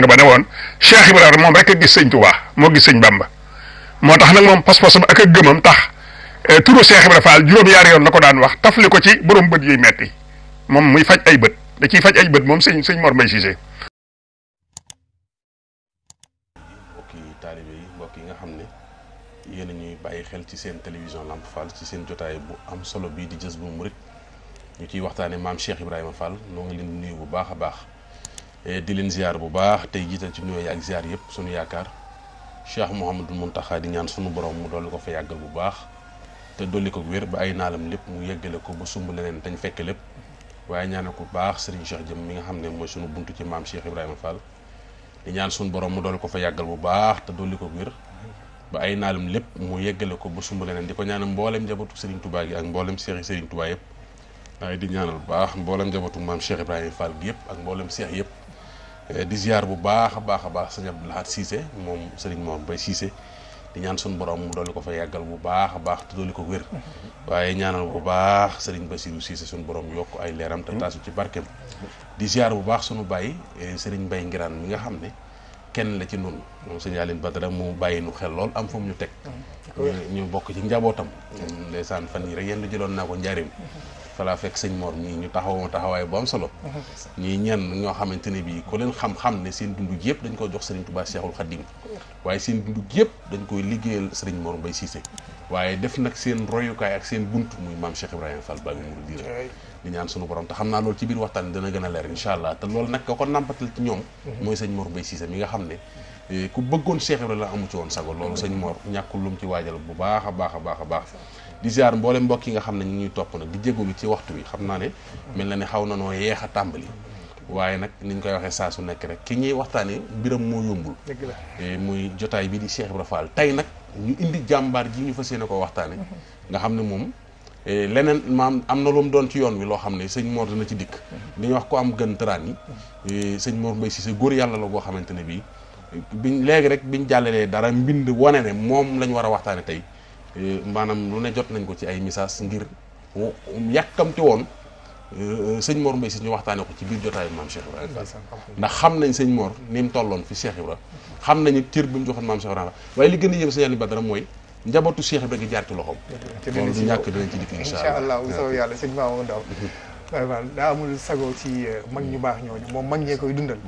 sang ba ne woon Cheikh Ibrahima moom rek a gis sëñ Touba moo gis sëñ Bamba moo tax nag moom pas-pasam ak ak gëmam tax eh, turu Cheikh Ibrahima Fall juróom-ñaari yoon la ko daan wax tafli ko ci boroom bët yuy metti moom muy faj ay bët da ciy faj ay bët moom sëñ sëñ Mor Mbaye Cissé. mbokki yi nga xam ne yéen a bàyyi xel ci seen télévision Lamp ci seen jotaay am solo bii di jës bu ñu ciy waxtaanee maam Cheikh Ibrahima Fall noo ngi leen nuyu bu baax a baax. Eh, di len ziar bu baax tay jita ci nuyoo ak ziar yep sunu yakar cheikh mouhamadul muntaxa di ñaan sunu borom mu dolli ko fa yàggal bu baax te dolli ko ba ay naalam lepp mu yeggale ko ba sumb leneen dañ fekk lepp waye ñaanal ko baax serigne cheikh jëm mi nga xamne moy sunu buntu ci maam cheikh ibrahima fall di ñaan sunu borom mu ko fa yàggal bu baax te dolli ko ba ay naalam lepp mu yeggale ko ba sumb leneen di ko ñaanal mbollem jabatu serigne touba gi ak mbollem cheikh serigne touba yep ay di ñaanal baax mbollem jabatu maam cheikh ibrahima fall gi yep ak mbollem cheikh yep Eh, di ziar bu baax baax baax señ Abdou Lahad Cissé mom sëriñ moom bay Cissé di ñaan suñu borom mu dolli ko fa yagal bu baax baax te dolli ko wér ñaanal bu baax sëriñ Bassirou Cissé suñu borom yok ay léram ta tassu ci barkem di ziar bu baax suñu bay eh, sëriñ bay ngiran mi nga xamné kenn la ci nun mom señ Aline Badara mu bàyyi nu xel lol am fa mu ñu tek ñu bok ci njabootam ndeysaan fan yi rek yenn ko fa laa fekk sëñ Mor ñii ñu taxawoo taxawaay bu am solo ñii ñenn ñoo xamante ne bii ku leen xam-xam ne seen dund yëpp dañ ko jox sëriñ Touba Cheikhul Khadim waaye seen dund yëpp dañ koy liggéeyal sëriñ Mor Mbaye Cissé waaye def nag seen royukaay ak seen bunt muy maam Cheikh Ibrahima Fall Babi Mouridina di borom te xam naa loolu ci biir waxtaan dina gën a leer incha allah te loolu nag ka ko nampatal ci ñoom mhm. mooy sëñ Mor Mbaye Cissé nga xam ne eh, ku bëggoon Cheikh la amu ci woon sago loolu mhm. sëñ Mor ñàkkul lum ci waajal bu baax a baax a baax a baax di ziar mboolem mbokk yi nga xam ne ñu ñuy topp nag di jégalu ci waxtu wi xam naa ne mel na ne xaw na noo yeex a tàmbali waaye nag ni ñu koy waxee saa su nekk rek ki ñuy waxtaanee mbiram moo yombul e muy jotaay bi di Cheikh Ibra tey nag ñu indi jàmbaar ji ñu fas yéene ko waxtaane nga xam ne moom e leneen maam am na lu doon ci yoon wi loo xam ne sëñ Mor dina ci dikk li wax ko am gën tëraan yi e sëñ Mor si Cissé góor yàlla la goo xamante ne bii biñ léegi rek bi ñu jàllalee dara mbind wane ne moom lañ war a waxtaane tey Eh, maanaam lu ne jot nañ ko ci ay message ngir yàkkamti woon eh, eh, sëñ Mor Mbaye si ñu waxtaanee ko ci biir jotaayu maam Cheikh ndax xam nañ sëñ Mor ni mu tolloon fi Cheikh Ibrahima xam nañu cër bi mu joxoon maam Cheikh Ibrahima waaye li gën a yëm sëñ Aliou Badara mooy njabootu Cheikh Ibrahima gi jaar ci loxoom loolu du ñàkk dinañ ci dikk incha allah incha allah sëñ Mamadou Ndaw waaw waaw daa amul sago ci euh, mag ñu baax ñooñu moom mag ñee koy dundal.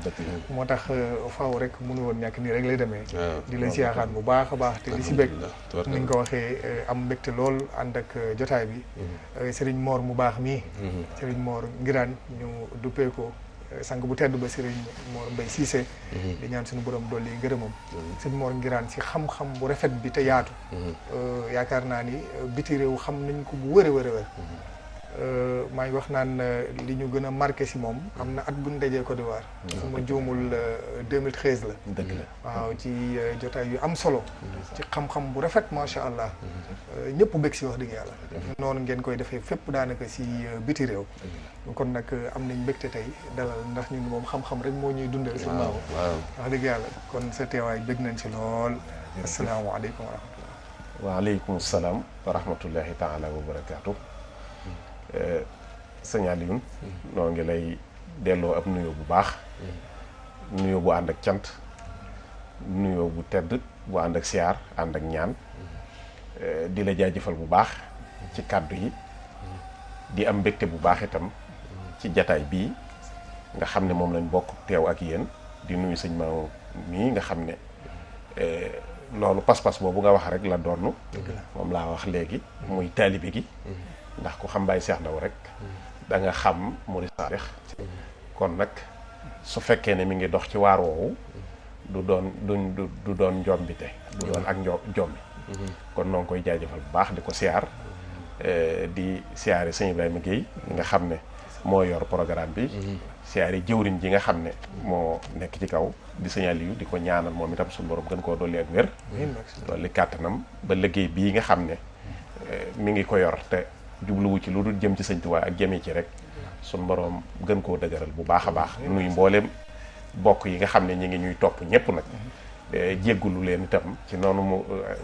moo tax euh, faaw rek mënu woon ñàkk nii rek lay demee. Ah, di si siyaaxaan bu baax a baax te di si bëgg. ni nga ko waxee euh, am mbégte lool ànd ak jotaay bi. Mm-hmm. Serigne moor mu baax mii. Mm-hmm. Serigne Mor Ngiraan ñu duppee ko sànq bu tedd ba Serigne Mor Mbaye Cissé. Mm-hmm. di ñaan suñu borom dolli gërëmam. Serigne Mor Ngiraan si xam-xam bu rafet bi te yaatu. yaakaar naa ni biti réew xam nañ ko bu wëre wëre wërëwërëwër. Euh, maa ngi wax naan euh, li ñu gën a marqué si moom am na at bu ñu dajee Côte d'Ivoire. Mm. su ma juumul euh, la. dëgg la waaw ci jotaay yu am solo. Mm. ci xam-xam bu rafet macha allah. Mm. ñëpp bëgg si wax dëgg yàlla. noonu ngeen koy defee fépp daanaka si biti réew. kon nag am nañ mbégte tey dalal ndax ñun moom xam-xam rek moo ñuy dundal. si waaw wax dëgg yàlla kon sa teewaay bëgg nañ si lool. asalaamaaleykum wa rahmatulah. waaleykum salaam wa rahmatulahi taala wa barakaatu. sëñ Alioune ngi lay delloo ab nuyoo bu baax nuyoo bu ànd ak cant nuyo bu tedd bu ànd ak siyaar ànd ak ñaan di la jaajëfal bu baax ci kàddu yi di am mbégte bu baax itam ci jataay bii nga xam ne moom lañ bokk teew ak yéen di nuyu sëñ Maodo mii nga xam ne eh, loolu pas-pas boobu nga wax rek la donn moom laa wax léegi muy taalibe gi mm-hmm. ndax ku xam Baye Cheikh Ndaw rek da nga xam murid saalix kon nag su fekkee ne mi ngi dox ci waar woowu du doon duñ du doon njombite du doon ak njo jombi kon noo koy jaajëfal bu baax di ko siyaar eh, di siyaare sëñ Ibrahima Guèye nga xam ne moo yor programme bi siyaare jëwriñ ji nga xam ne moo nekk ci kaw di sëñ Aliou di ko ñaanal moom itam suñu borom gën koo dolli ak wér dolli kàttanam ba liggéey bii nga xam ne eh, mi ngi ko yor te jubluwu ci lu dul jëm ci sëñ Tuubaa ak jëmee ci rek suñ boroom gën koo dëgëral bu baax a baax nuy mbooleem bokk yi nga xam ne ñi ngi ñuy topp ñépp nag jéggulu leen itam ci noonu mu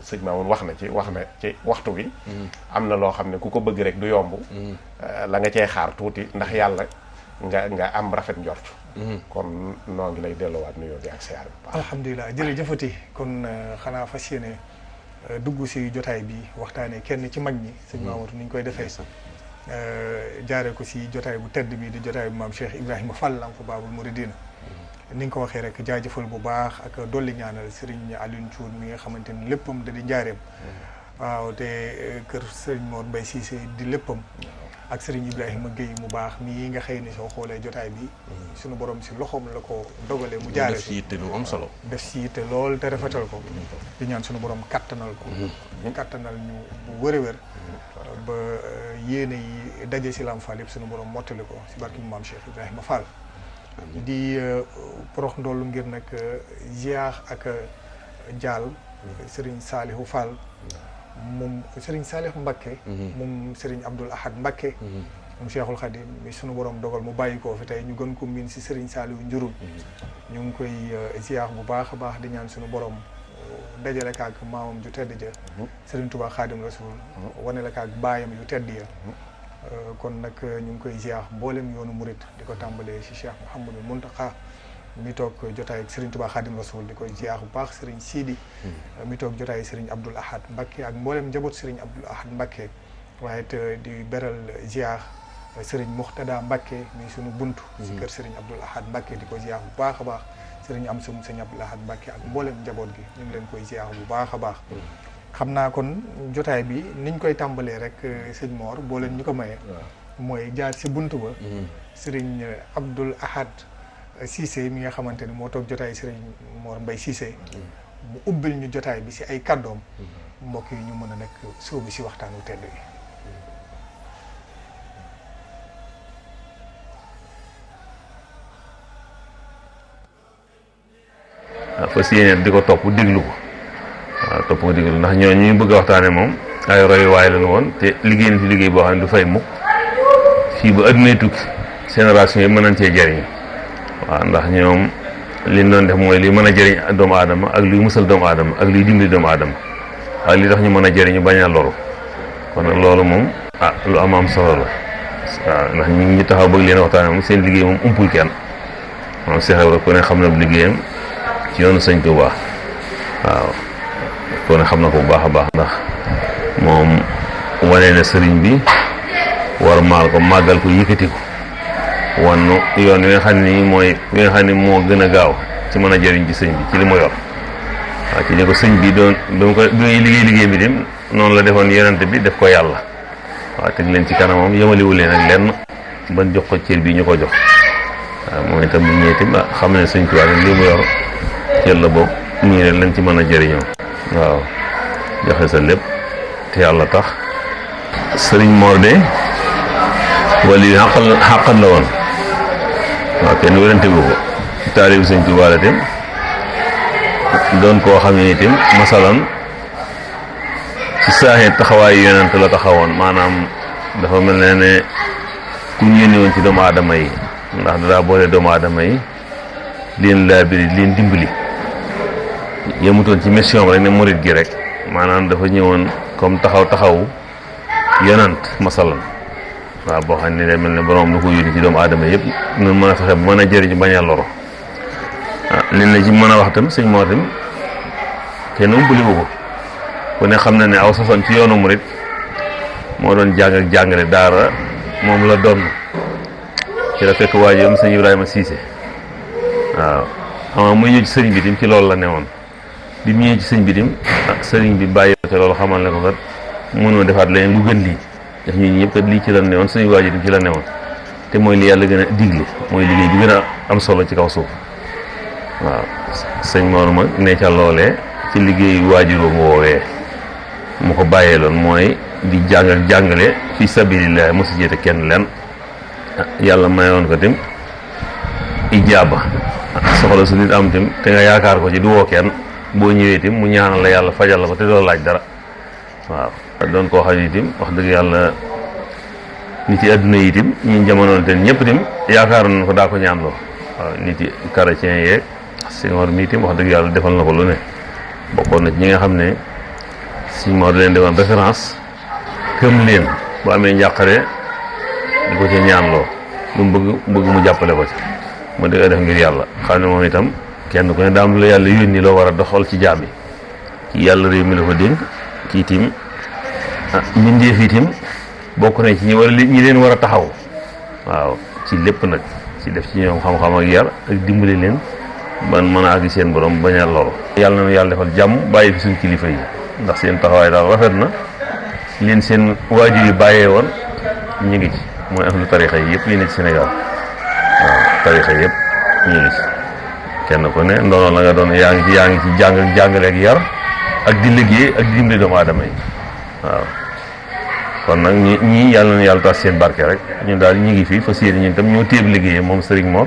sëñ Mamoun wax na ci wax na ci waxtu bi mm-hmm. am na loo xam ne ku ko bëgg rek du yomb mm-hmm. eh, la nga cey xaar tuuti ndax yàlla nga nga am rafet njort mm-hmm. kon noo ngi lay delluwaat nuyoo bi ak siyaar bi alhamdulilah jërëjëfati kon eh, xanaa fas yéene dugg si jotaay bi waxtaanee kenn ci mag ñi. sëñ mm-hmm. Mamadou ni ñu koy defee. Euh, jaaree ko si jotaay bu tedd bi di jotaay bu maam Cheikh Ibrahima Fall am fa Baabul Mouridina. Mm-hmm. ni nga ko waxee rek jaajëfal bu baax ak dolli ñaanal Serigne alin Thioune mi nga xamante ni léppam da di njaareem. Mm-hmm. waaw te eh, kër Serigne Mor Mbaye Cissé di léppam ak Serigne Ibrahima Gueye mu baax mii nga xëy ni soo xoolee jotaay bi mm-hmm. suñu borom si loxoom la ko dogalee mu jaare si yitte am solo def si yitte lool te rafetal ko mm-hmm. di ñaan suñu borom kattanal ko mm-hmm. mu kattanal ñu bu wër a wër daje si Lamp Fall yëpp suñu borom mottali ko si barki mu maam Cheikh Ibrahima Fall di eh, porox ndoolu ngir nag eh, ziar ak jaal Serigne Salihu Fall moom Serigne Salih Mbakke. Mhm. moom Serigne Abdoul Ahad Mbakke. Mhm. moom Cheikhul Khadim mi sunu borom dogal mu bàyyi koo fi tey ñu gën ko miin si Serigne Saliou Njurul. Mhm. ñu ngi koy euh, ziar bu baax a baax di ñaan sunu borom euh, dajale kaag maamam ju tedd sëriñ tubaax Touba la Rasoul. wane la kaag baayam yu tedd ya. Euh, kon nag ñu ngi koy ziar mboolem yoonu murit di ko tàmbalee si Cheikh Mouhamadou Mountakha. mi toog jotaay ak Serigne Touba Khadim Rasoul di koy ziar bu baax Serigne Sidi. Hmm. mi toog jotaay Serigne Abdoul Ahad Mbacké ak mboolem njaboot Serigne Abdoul Ahad Mbacké waaye it di beral ziar Serigne Muxtada Mbacké mi sunu buntu. Hmm. si kër Serigne Abdoul Ahad di ko ziar bu baax a baax Serigne am sum Serigne Abdoul Ahad Mbacké ak mbooleem njaboot gi ñu ngi leen koy ziar bu baax a baax. Hmm. xam naa kon jotaay bi niñ koy tàmbalee rek euh, sëñ Mor boo leen ñu ko mayee. mooy jaar si buntu ba. Serigne Abdoul Ahad. Sisi, mi nga xamante ni jota toog jotaay Serigne Mor Mbaye Cissé mm. mu ubbil ñu jotaay bi si ay kàddoom mm. mbokk yi ñu mën nek nekk sóobu si waxtaanu tedd bi waaw mm. ah, fas yéene di ko topp ko waaw ah, ndax ñoo bëgg waxtaane ay te liggéey liggéey du fay génération yi waaw ndax ñoom li ñu doon def mooy li mën a jëriñ doomu aadama ak luy musal doomu aadama ak luy dimbali doomu aadama ak li tax ñu mën a jëriñu bañ a loru kon loolu moom ah lu am am solo la waaw ndax ñu taxaw bëgg leen waxtaanee seen liggéey moom umpul kenn moom Seex Ibra ku ne bu liggéeyam yoonu Sëñ Tuubaa waaw ku xam na ko bu baax a baax ndax moom wane sëriñ bi war maal ko màggal ko yëkkati ko wan nu yoon wi nga xam ne mooy wi nga xam ne moo gën a gaaw ci mën a jëriñ ci sëñ bi ci li mu yor waaw ci ne ko sëñ bi doon bi mu koy bi liggéey liggéey bi dem noonu la defoon yonent bi def ko yàlla waaw teg leen ci kanamam yëmaliwu leen ak lenn ban jox ko cër bi ñu ko jox waaw moom itam bu ñëwee itam xam ne sëñ Tuubaa li mu yor cër la boobu nii rek lañ ci mën a jëriñoo waaw joxe sa lépp te yàlla tax sëriñ Mor de wala xaqal xaqal la woon waaw kenn wérante wu ko taalibu sëñ doon koo xam ne itam masalan ci saaxee taxawaayu yonent la taxawoon maanaam dafa mel ne ne ku ñëwee woon ci doomu aadama yi ndax dadaa boole doomu aadama yi leen laa biri leen dimbali yemutoon ci mission rek ne morit gi rek maanaam dafa ñëwoon comme taxaw taxaw yonent masalan waaw boo xam ne day mel ne borom lu ko yónni ci doomu aadama yëpp ñun mën a fexe bu mën a jëriñu bañ a loro ah ci mën a wax tam sëñ Mor tam kenn umpaliwu ko ku ne xam na ne aw sosam ci yoonu murit moo doon jàng ak jàngale daara moom la doon ci la fekk waajuram sëñ Ibrahima Cissé waaw xam muy ñëw ci sëriñ bi tam ci loolu la ne woon bi mu ñëw ci sëñ bi tam ah, sëriñ bi bàyyi ko loolu xamal ne ko kat mënoo defaat leneen lu gën lii. ndax ñun ñëpp kat lii ci la newoon suñu waajur ci la newoon te mooy li yàlla gën a digle mooy liggéey bi gën a am solo ci kaw suuf waaw sëñ Mor ma ne ca loolee ci liggéey waajuroom woowee mu ko bàyyeeloon mooy di jàng ak jàngale fi sabilillah mosu jeete kenn leen yàlla mayoon ko tim ijaaba soxla su nit am tim te nga yaakaar ko ci du woo kenn boo ñëwee tim mu ñaanal la yàlla fajal la ko te doo laaj dara waaw doon koo xam ne wax dëgg yàlla nit yi àdduna yi itam ñi jamonoon te ñëpp itam yaakaar nañ ko daa ko ñaanloo waaw nit yi chrétien yeeg Senghor mi itam wax dëgg yàlla defal na ko lu ne bokkoon nag ci ñi nga xam ne Sëñ Mor leen defoon référence këm leen bu amee njàqare ko ci lu mu bëgg bëgg mu jàppale ko ci mu dëgg def ngir yàlla xam ne moom itam kenn ku ne daam lu yàlla yónni loo war a doxal ci jaam kii yàlla réew mi la ko dénk kii tim mbindeef fitim bokku na ci ñi wara ñi leen wara taxaw waaw ci lépp nag ci def ci ñoom xam-xam ak yar ak dimbali leen man mën a àgg seen borom bañ a loru yàlla na yàlla defal jàmm bàyyi fi suñ kilifa yi ndax seen taxawaay daal rafet na leen seen waajur yi bàyyee woon ñi ngi ci mooy ahlu tarixa yi yëpp li ne ci Sénégal waaw tarixa yëpp ñu ngi ci kenn ku ne ndoonoon la nga doon yaa ngi ci yaa ngi ci jàng jàngale ak yar ak di liggéey ak di dimbali doomu aadama yi waaw kon nag ñi ñii yàlla na yàlla taas seen barke rek ñun daal ñi ngi fi fas yéene ñun tam ñoo téeb liggéeyee moom Serigne Mor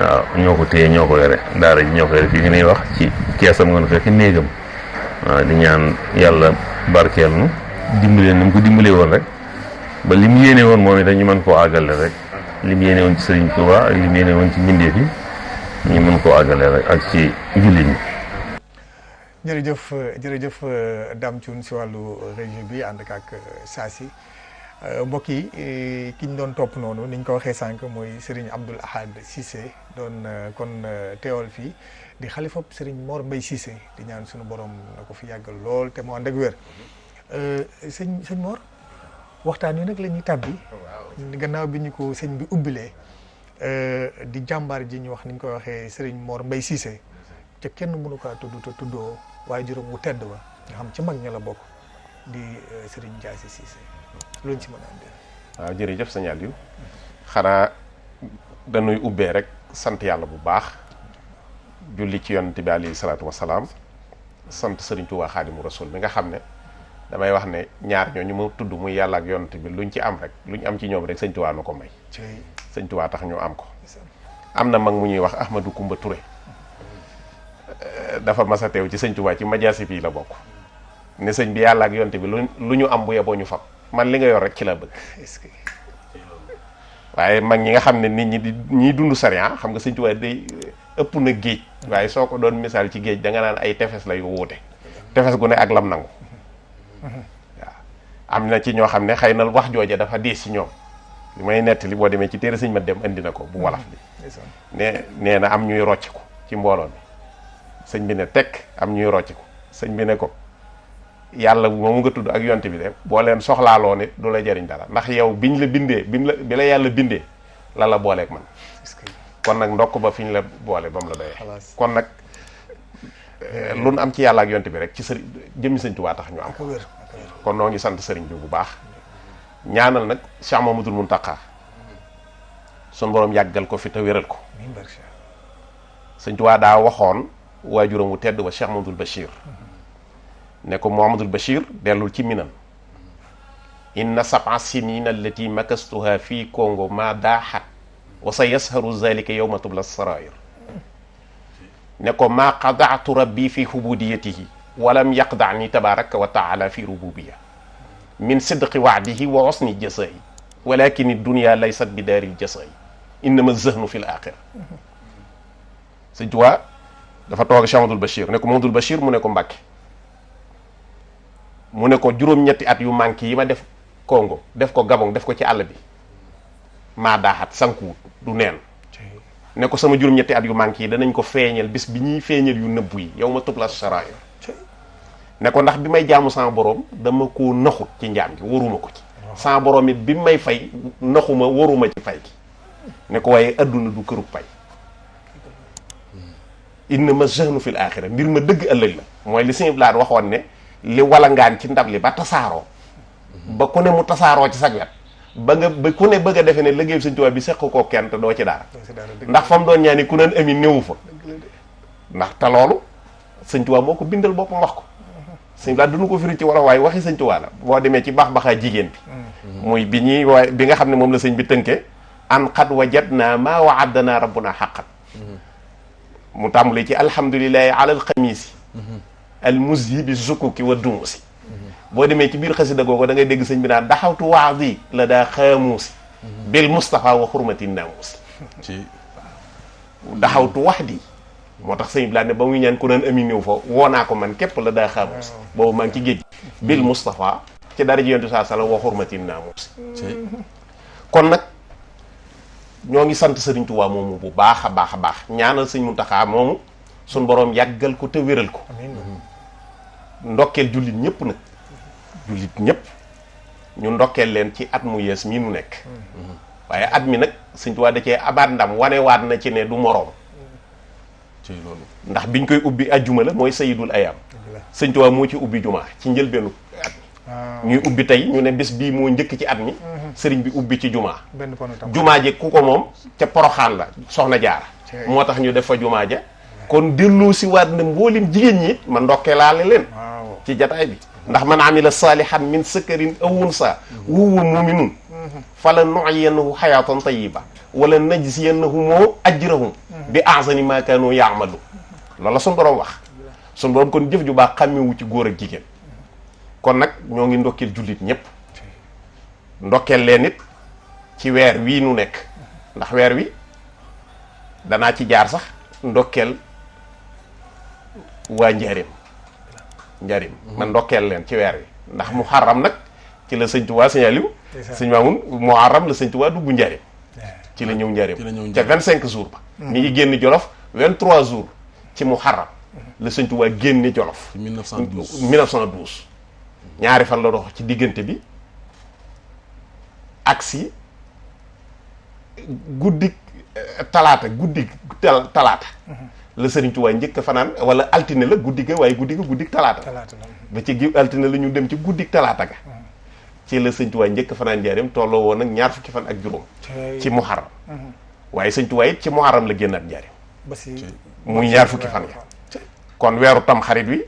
waaw ñoo ko téye ñoo ko yore daara ji ñoo ko yore fii nga nuy wax ci keesam nga nu fekk néegam waaw di ñaan yàlla barkeel nu dimbalee na mu ko dimbalee woon rek ba li mu yéene woon moom itam ñu mën koo àggale rek li mu yéene woon ci Serigne Touba ak li mu yéene woon ci mbindeef yi ñu mën koo àggale rek ak ci jullit ñi jërëjëf jërëjëf eh, Dame Thioune si wàllu eh, régie bi ànd ak eh, Saasi mbokk yi ki ñu doon topp noonu ni ko waxee sànq mooy Serigne Abdoul Ahad Cissé doon kon Teolfi fii di xalifab Serigne Mor Mbaye Cissé di ñaan suñu borom na ko fi yàggal lool te mu ak Mor waxtaan wi nag la ñuy tàbbi gannaaw bi ñu ko sëñ bi ubbilee di jàmbaar ji ñu wax ni Serigne Mor Mbaye Cissé te kenn mënu kaa waaye juróom bu tedd ba nga xam ci mag ña la bokk di euh, Serigne Ndiaye Sy Cissé luñ ci mën a andi. waaw jërëjëf sëñ Aliou xanaa dañuy ubbee rek sant yàlla bu baax julli ci yonent bi alayhi salaatu wasalaam sant sëriñ Touba Xaadimu Rasuul bi nga xam ne damay wax ne ñaar ñooñu ma tudd muy yàlla ak yonent bi luñ ci am rek luñ am ci ñoom rek sëñ Touba na ko may. sëñ Touba tax ñu am ko. am na mag mu ñuy wax Ahmadou Koumba Touré. dafa mas teew ci sëñ ci majaasi bii la bokk ne sëñ bi yàlla ak yonte bi lu ñu am bu yeboo ñu fab man li nga yor rek ci la bëgg waaye mag ñi nga xam ne nit ñi di ñiy dund sariyan xam nga sëñ Tuubaa day ëpp na géej waaye soo ko doon misaal ci géej da nga naan ay tefes la yu wuute tefes gu ne ak lam nangu waaw am na ci ñoo xam ne xëy na wax jooja dafa diis ci ñoom li may li boo demee ci téere sëñ ma dem indi na ko bu wolof bi ne nee na am ñuy rocc ci mbooloo sëñ bi ne tekk am ñuy rocc ko sëñ bi ne ko yàlla moom nga tudd ak yonte bi de boo leen soxlaaloo nit du la jariñ dara ndax yow ñu la bindee bi la bi yàlla bindee la la booleeg man kon nag ndokk ba fi ñu la boole ba mu la doyee kon nag eh, lu nu am ci yàlla ak yonte bi rek ci sëriñ jëmmi sëñ Tuubaa tax ñu am ko kon noo ngi sant sëriñ bi bu baax ñaanal nag Cheikh Mamadou Mountakha sun borom yàggal ko fi te wéral ko sëñ Tuubaa daa waxoon waajuram wu tedd wa Cheikh mamadou Bachir ne ko mamadou Bachir delul ci minan inna sab'a sinina allati makastuha fi Congo ma daaxat wa sayasharu zalika yawma tubla sarair ne ko ma qada'tu rabbi fi hubudiyatihi walam yaqdani tabaraka wa taala fi rububiya min sidqi wa'dihi wa husni jasaa'i walakin ad-dunya laysat bi daari jasaa'i innama zahnu fi dafa toog Cheikh Amadou Bachir ne ko Mamadou Bachir mu ne ko Mbàkke mu ne ko juróom-ñetti at yu manqué yi ma def Congo def ko Gabon def ko ci àll bi maa daaxat sankuwut du neen ne ko sama juróom-ñetti at yu manqué yi danañ ko feeñal bis bi ñuy feeñal yu nëbbu yi yow ma tubla sarayo ne ko ndax bi may jaamu sama borom dama ko naxut ci njaam gi waruma ko ci sama borom it bi may fay naxuma waruma ci fay gi ne ko waaye adduna du këru pay inna ma jehnu fil axira mbir ma dëgg ëllëg la mooy li sëñ Blaat waxoon ne li ngaan ci ndab li ba tasaaroo ba ku ne mu tasaaroo ci sag wet ba nga ba ku ne bëgg a defee ne liggéey sëñ Tuubaa bi seq koo kenn te doo ci dara ndax fa mu doon ñaani ku neen ami néewu fa ndax te loolu sëñ Tuubaa moo ko bindal boppam wax ko sëñ Blaat duñu ko firi ci wolof waaye waxi sëñ Tuubaa la boo demee ci baax baxaa jigéen bi mm-hmm. muy bi ñuy waay bi nga xam ne moom la sëñ bi tënkee an xat wajat naa maa waaddanaa rabbunaa xaqan mm-hmm. mu tàmbale ci alhamdulilahi alal xamiisi al musyi bi zukuki wa dumusi boo demee ci biir xasida googu da ngay dégg sëñ bi naan daxawtu waadi la daa xaamuusi bil Moustapha wa xurmati naamuusi daxawtu wax di moo tax ba muy ñaan ku naan ami néew fa ko man képp la daa xaamuusi boobu maa ci géej bil Moustapha ci dara ji yontu saa sala wa xurmati naamuusi kon nag ñoo ngi sant sëriñ Tuubaa moomu bu baax a baax a baax ñaanal sëñ Muntaxaa moomu suñ boroom yàggal ko te wéral ko ndokkeel jullit ñëpp nag jullit ñëpp ñu ndokkeel leen ci at mu yees mii nu nekk waaye at mi nag sëñ da cee abaat ndam wanewaat na ci ne du moroom ci loolu ndax koy ubbi ajjuma la mooy sayidul ayaam sëñ moo ci ubbi jumaa ci njëlbeenu at ah. ñuy ubbi tey ñu ne bis bii moo njëkk ci at mi sëriñ bi ubbi ci jumaa jumaa ji ku ko moom ca poroxaan la soxna jaara moo tax ñu def fa jumaa ja kon delloo si waat na mboolim jigéen ñi ma ndokkee laale leen ci jataay bi ndax man amila saalihan min sakarin awun sa wuwa muminun fala nuyiyannahu xayaatan tayiba wala najziyannahu moo ajrahum bi ahsani ma kaanu yaamalu loolu la suñu borom wax suñu borom kon jëf ju baax xàmmewu ci góor ak jigéen kon nag ñoo ngi ndokkeel jullit ñëpp ndokkeel leen it ci weer wii nu nekk ndax weer wi danaa ci jaar sax ndokkeel waa njarim njarim man mhm. ndokkeel leen ci weer wi ndax muharram nag ci la sëñ Tuubaa sëñ Aliou sëñ Maamun muharram la sëñ Tuubaa dugg njarim ci la ñëw njarim ca la ñëw jours ba mhm. mi ngi génn jolof vingt trois jours ci muharram mhm. la sëñ Tuubaa génne jolof 1912 1912 ñaari fan la dox ci diggante bi agsi guddik euh, talaata guddik talaata mhm. la Serigne Touba njëkk fanaan wala altine la guddi ga waaye guddi ga guddik talaata ba ci gi altine la ñu dem ci guddik talaata ga mhm. ci la Serigne Touba njëkk a fanaan jaareem tolloo woon ñaar fukki fan ak juróom ci muharram mhm. waaye Serigne Touba it ci muharram la génnaat jaareem ba si muy ñaar fukki fan ga kon weeru tam xarit wi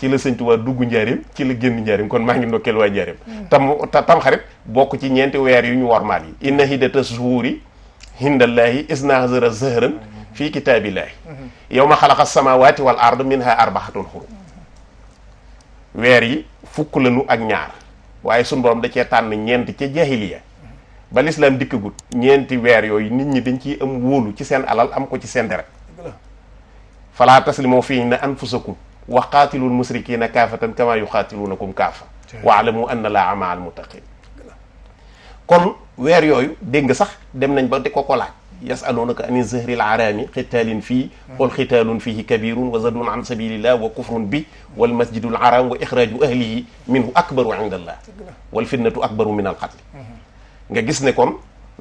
ci la sëñ Tuubaa dugg njaarim ci la génn njaarim kon maa ngi ndokkeel waa njaarim tam tam xarit bokk ci ñeenti weer yu ñu wormaal yi inna hiddata zuhuri hindallaahi isna hazara zahran fii kitaabillaahi yow ma xalaqa samawaati wal ard minha arbaxatun xurum weer yi fukk lañu ak ñaar waaye suñu borom da cee tànn ñeent ca jahiliya ba lislaam dikkagut ñeenti weer yooyu nit ñi dañ ciy am wóolu ci seen alal am ko ci seen deret falaa taslimoo fii na anfusakum وقاتلوا المشركين كافة كما يقاتلونكم كافة واعلموا أن لا عمى المتقين كون وير يوي دينغ صح دم نان با يسالونك عن الزهر العرامي قتال فيه قل قتال فيه كبير وزد عن سبيل الله وكفر به والمسجد الحرام واخراج اهله منه اكبر عند الله والفتنه اكبر من القتل nga gis ne kon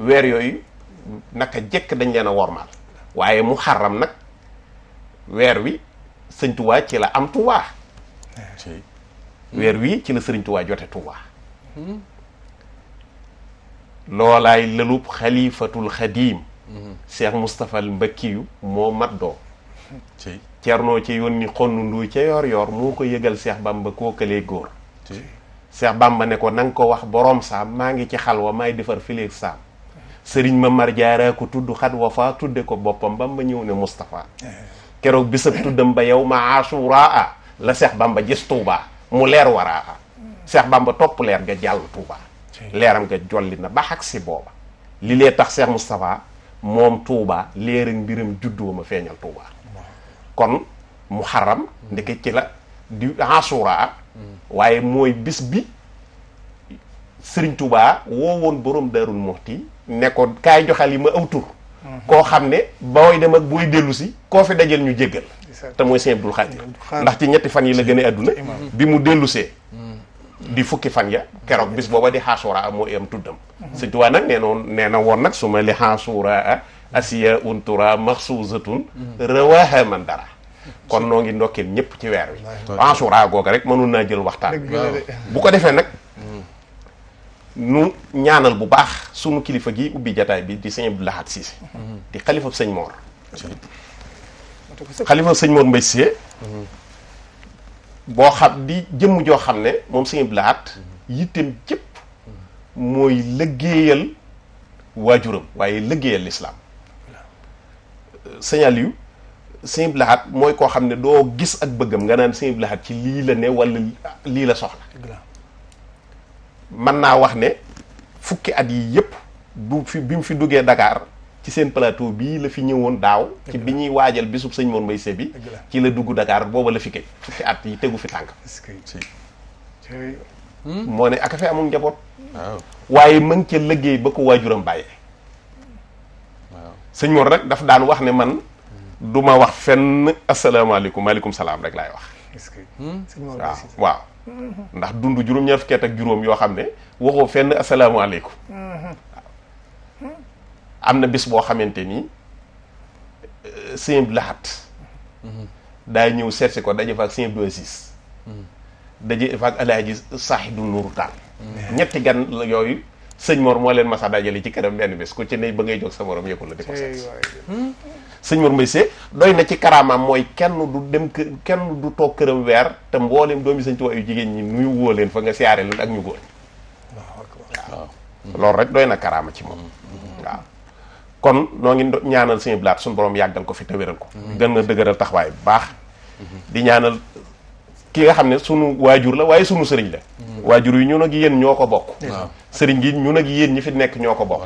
weer yooyu naka jekk dañ leen a sëñ Touba ci la am Touba. Ah, weer wii ci la sëriñ Touba jote Touba. Hmm. loolaay lëlub xalifatul xadiim. Hmm. Cheikh Moustapha Mbakkiyu moo mat cer Cerno ci yoon yónni xonnu nduy ca yor-yor moo ko yëgal Cheikh Bamba kookalee góor. Cheikh Bamba ne ko nang ko wax borom saam maa ngi ci xal xalwa maay defar fileeg saam. sëriñ ma Mar Jaara ko tudd xat wa faa tudde ko boppam Bamba ñëw ne Moustapha. Eh. keroog bisab tuddam ba yow ma asuraa la Seex Bamba gis tuuba mu leer waraa Seex Bamba topp leer ga jàll Tuubaa leeram nga jolli na ba xag si booba li lee tax Seex Moustapha moom tuuba leer mbiram juddoo ma feeñal Tuubaa kon muharram ndeke ci la di asuraa waaye mooy bis bi Sëriñ Tuubaa woo woon borom Daarul Muxti ne ko kaay joxal yi ma aw koo xam ne booy dem ak booy dellu si koo fi dajal ñu jéggal te mooy sëñ Abdul Xaadir ndax ci ñetti fan yi la gën a àdduna bi mu dellusee mm. di fukki fan ya keroog bis booba di xaasuraa mooy am tuddam mm-hmm. sëñ Tuubaa nag nee noon nee na woon nag su ma li xaasuraa asiya untura maxsuusatun mm-hmm. rawaha man dara kon noo ngi ndokkeel ñëpp ci weer wi xaasuraa googa rek mënul naa jël waxtaan bu ko defee nag nu ñaanal bu baax sunu kilifa gi ubbi jataay bi di sëñ Abdou Lahad Cissé di xalifab sëñ Mor xalifab sëñ Mor Mbaye Cissé boo xam di jëmm joo xam ne moom sëñ Abdou Lahad yitteem jëpp mooy lëggéeyal waajuram waaye lëggéeyal lislaam sëñ Aliou sëñ mooy koo xam ne doo gis ak bëggam nga naan sëñ Abdou ci lii la ne wala lii la soxla man naa wax ne fukki at yi yépp bu fi bi mu fi duggee Dakar ci seen plateau bii la fi ñëwoon daaw ci bi ñuy waajal bisub sëñ moon Mbaye bi ci la dugg Dakar booba la fi kay fukki at yi tegu fi tànk hmm? moo ne ak fi amul njaboot waaye mën ca liggéey ba ko waajuram sëñ moon rek daf daan wax ne man du ma wax fenn asalaamaaleykum maaleykum salaam rek laay wax hmm? waaw ndax dundu juróom ñeuf kete ak juróom yo xamne waxo fenn assalamu alaykum amna bis bo xamanteni simple euh, sëñ da ñew ñëw ko dajé fak simple dosis daje fa ak alaaji saaxidu ñetti gan yoyu sëñ mor mo leen massa dajali ci kërëm benn bis ku ci ne ba ngay jox sa morom la diko sëñ Mor Mbaye Cissé doy na ci karaamaam mooy kenn du dem kë kenn du toog këram weer te mboolem doomi sëñ Tuubaa yu jigéen ñi nuyu woo leen fa nga siyaare leen ak ñu góor waaw loolu rek doy na karaama ci moom waaw kon noo ngi ñaanal sëñ Blaat suñu borom yàggal ko fi te wéral ko mm-hmm. gën a dëgëral taxawaay bu baax mm-hmm. di ñaanal ki nga xam ne sunu waajur la waaye sunu sëriñ la mm. waajur yi ñu nag yéen ñoo ko bokk sëriñ gi ñu nag yéen ñi fi nekk ñoo ko bokk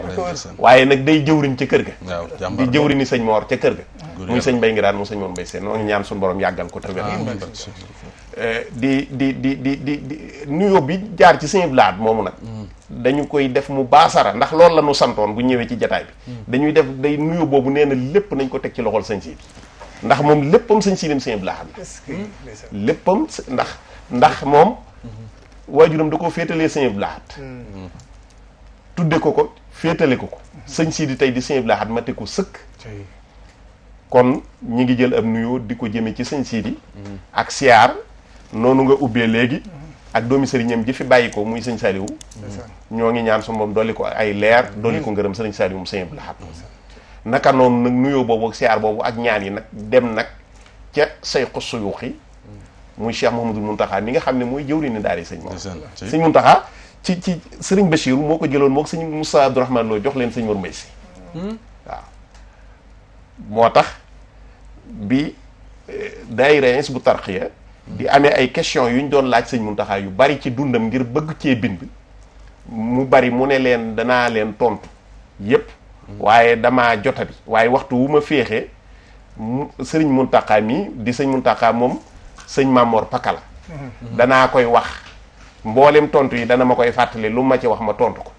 waaye nag day jëwriñ ca kër ga di jëwriñi sëñ moor ca kër ga muy sëñ bay ngiraan mu sëñ moor mbay seen noo ñaan suñu borom yàggal ko tawér eh, di di di di di di nuyoo bi jaar ci sëñ blaat moomu nag mm. dañu koy def mu baasara ndax loolu la ñu santoon bu ñëwee ci jataay bi mm. dañuy def day nuyoo boobu nee na lépp nañ ko teg ci loxol sëñ si ndax moom léppam sëñ siilim sëñ Abdou Lahad la hmm? léppam ndax ndax moom waajuram da koo féetalee sëñ Abdou Lahad hmm. Hmm. tudde ko ko féetale ko ko sëñ siidi tey di sëñ Abdou Lahad mate ko sëkk kon ñi ngi jël ab nuyoo di ko jëme ci sëñ siidi ak siyaar noonu nga ubbee léegi ak doomi sëriñam ji fi bàyyi ko muy sëñ Saliou ñoo ngi ñaan sa moom dolli ko ay leer dolli ko ngërëm sëriñ Saliou mu sëñ Abdou Lahad naka noonu nag nuyoo boobu ak boobu ak ñaan yi nag dem nag ca say xusuyuux yi muy Cheikh Mouhamadul Mountakha mi nga xam ne mooy jëwriñu daal yi sëñ Mor sëñ Mountakha ci ci sëriñ Bachir moo ko jëloon moo ko sëñ musa Abdourahmane loo jox leen sañ Mor Mbaye hmm? tax bi eh, daayira bu tarxiya di amee ay question yu ñu doon laaj sëñ Mountakha yu bari ci dundam ngir bëgg cee bind mu bari mu ne leen danaa leen tontu yépp waaye damaa jotati waaye waxtu wu ma féexee sëriñ Muntaxa mi di sëñ Muntaxa moom sëñ Mamor Pakala mhm. danaa koy wax mboolem tontu yi dana ma koy fàttali lu ma ci wax ma tontu ko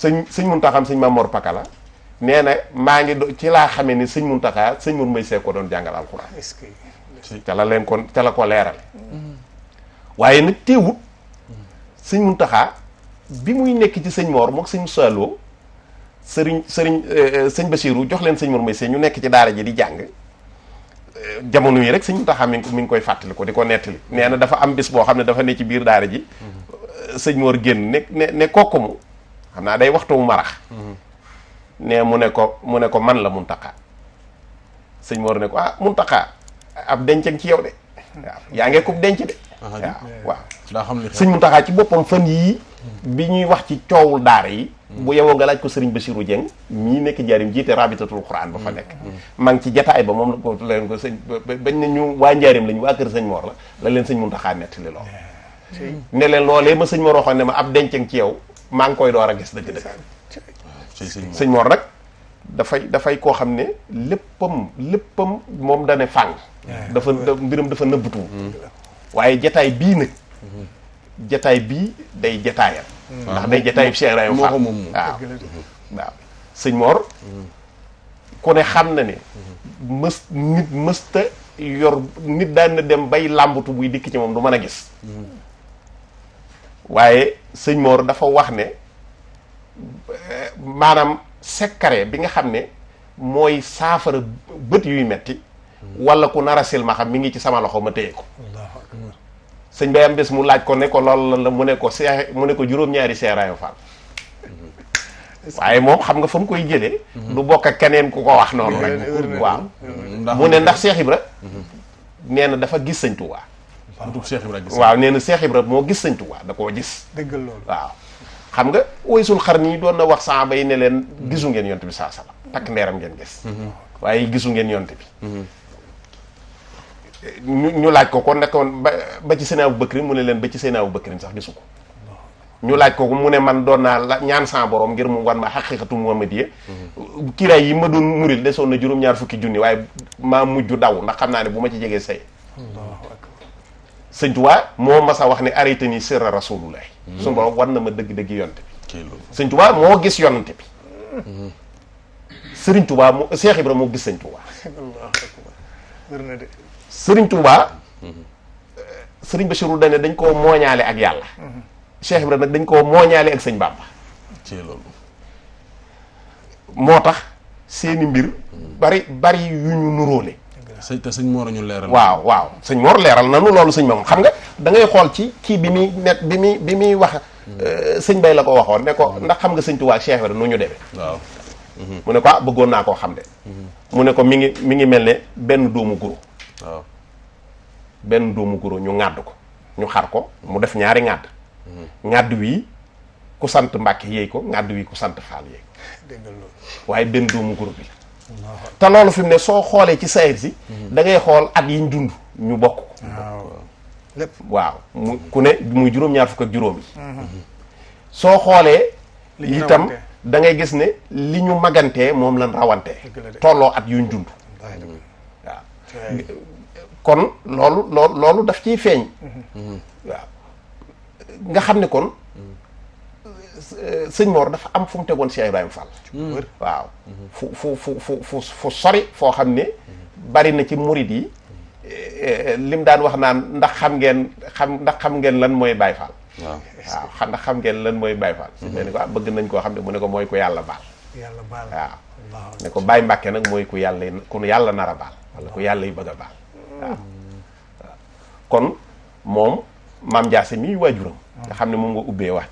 sëñ sëñ Muntaxa sëñ Mamor Pakala nee na maa ngi do ci laa xamee ni sëñ Muntaxa sëñ Mor may see ko doon jàngal alxuraan ca la leen ko ca la ko leerale mhm. waaye nag teewut mhm. sëñ Muntaxa bi muy nekk ci sëñ Mor mook sëñ Saaloo sëriñ sëriñ sëñ ba Bachirou jox leen sëñ Mor see ñu nekk ci daara ji di jàng eh, jamono yi rek sëñ Mountakha mu ngi koy fàttali di ko nettali nee na dafa am bis boo xam ne dafa ne ci biir daara ji mhm. sëñ Mor génn ne ne ne kooku mu xam naa day waxtu mu marax mhm. ne mu ne ko mu ne ko man la Mountakha sëñ Mor ne ko ah Mountakha ab denceg ci yow de mhm. waaw yaa ngi ko denc de waaw sëñ Mountakha ci boppam fan yii bi ñuy wax ci coowul daara yi bu yewoo nga laaj ko Serigne Bassirou Dieng mii nekk njaarim jiite rabitatul Quran ba fa nekk mm-hmm. maa ngi ci jataay ba moom ko leen ko sëñ bañ na ñu waa njaarim lañu waa kër sëñ Mor la la leen sëñ Muntaxa nettali loolu ne leen loolee ma sëñ Mor waxoon ne ma ab denceng ci yow maa ngi koy door a gis dëgg-dëgg sëñ Mor nag dafay dafay koo xam ne léppam léppam moom dane fàng dafa mbiram dafa nëbbutu mm-hmm. waaye jataay bii nag mm-hmm. jataay bii day jataayam hmm. day jataayub Cheikh moom waaw hmm. waaw sëñ Mor ku ne xam na ne mës mësta yor nit daan dem bay làmbatu buy dikk ci moom du mën a gis hmm. waaye sëñ Mor dafa wax ne maanaam secret bi nga xam ne mooy saafara bët yuy metti walla ku nar a silmaxa mi ngi ci sama loxo ma téye ko sëñ bay am bés mu laaj ko ne ko loolu lan la mu ne ko seex mu ne ko juróom-ñaari seeraayu faal waaye moom xam nga fa koy jëlee lu mhm. bokk ak keneen ku ko wax noonu rek waaw mu ne ndax Seex Ibra nee na dafa gis sëñ Tuubaa waaw nee na Seex Ibra moo gis sëñ Tuubaa da koo gis dëgg loolu waaw xam nga Uwaysul Xarni doon na wax saaba yi ne leen gisu ngeen yont bi saa sala takk ndeeram ngeen gis waaye gisu ngeen yont bi ñu laaj ko kon nekkoon ba ba ci Seydina Aboubakrin mu ne leen ba ci Seydina Aboubakrin sax gisu ko ñu laaj ko mu ne man doon naa la ñaan sa boroom ngir mu wan ma xaqiqatu muhammadiyya kiiraay yi ma doon muril desoon na juróom-ñaar fukki junni waaye maa mujj daw ndax xam naa ne bu ma ci jegee say sëñ moo mas a wax ne arrêté ni sirra rasulullah hmm. suñu borom war na ma dëgg-dëgg yonte bi sëñ Tuubaa moo gis yonte bi hmm. sëriñ tubaa moo Seex Ibra moo gis sëñ sëriñ Touba sëriñ Bachirou dañ ne dañ koo mooñaale ak yàlla bi Ibra nag dañ koo mooñaale ak sëñ baam ci moo tax seeni mbir bari bari yu ñu nuróole sëñ te sëñ Mor ñu leeral. waaw waaw sëñ Mor leeral na loolu sëñ moom xam nga da xool ci kii bi muy net bi muy bi muy wax. Euh, sëñ bay la ko waxoon ne ko ndax xam nga sëñ Tuubaa Cheikh Ibra nu ñu demee. waaw. mu ne ko ah bëggoon naa koo xam de. Mm-hmm. mu ne ko mi ngi mi ngi mel ne benn doomu guro. benn doomu goro ñu ŋàdd ko ñu xar ko mu def ñaari ŋàdd hmm. ŋàdd wii ku sant Mbàkke yéey ko ŋàdd wii ku sant Faal yéey ko waaye benn doomu goro bi te loolu fi ne soo xoolee ci sayir si hmm. dangay xool at yiñ dund ñu bokk hmm. lépp waaw mu ku ne muy juróom-ñaar fukk ak juróom yi soo xoolee itam dangay gis ne li ñu magantee moom lan rawantee tolloo at yuñ dund kon loolu loolu loolu daf ciy feeñ. Mhm. waaw nga xam ne kon sëñ Mor dafa am fu mu tegoon Cheikh Ibrahima Fall. Mhm. waaw mhm. fu fu fu fu sori foo xam ne bari na ci murid yi eh, eh, lim daan wax naan ndax xam ngeen xam ndax xam ngeen lan mooy Baye Fall. waaw waaw ndax xam ngeen lan mooy Baye Fall. ne ko ah, bëgg nañ koo xam ne mu ne ko mooy ko yàlla baal. yàlla baal waaw ne ko Baye Mbàkke nag mooy ku yàlla ku yàlla nar a baal. walla ku yàlla yu bëgg a baal. waaw kon moom maam Jaase mi waajuram nga xam ne moom nga ubbee wax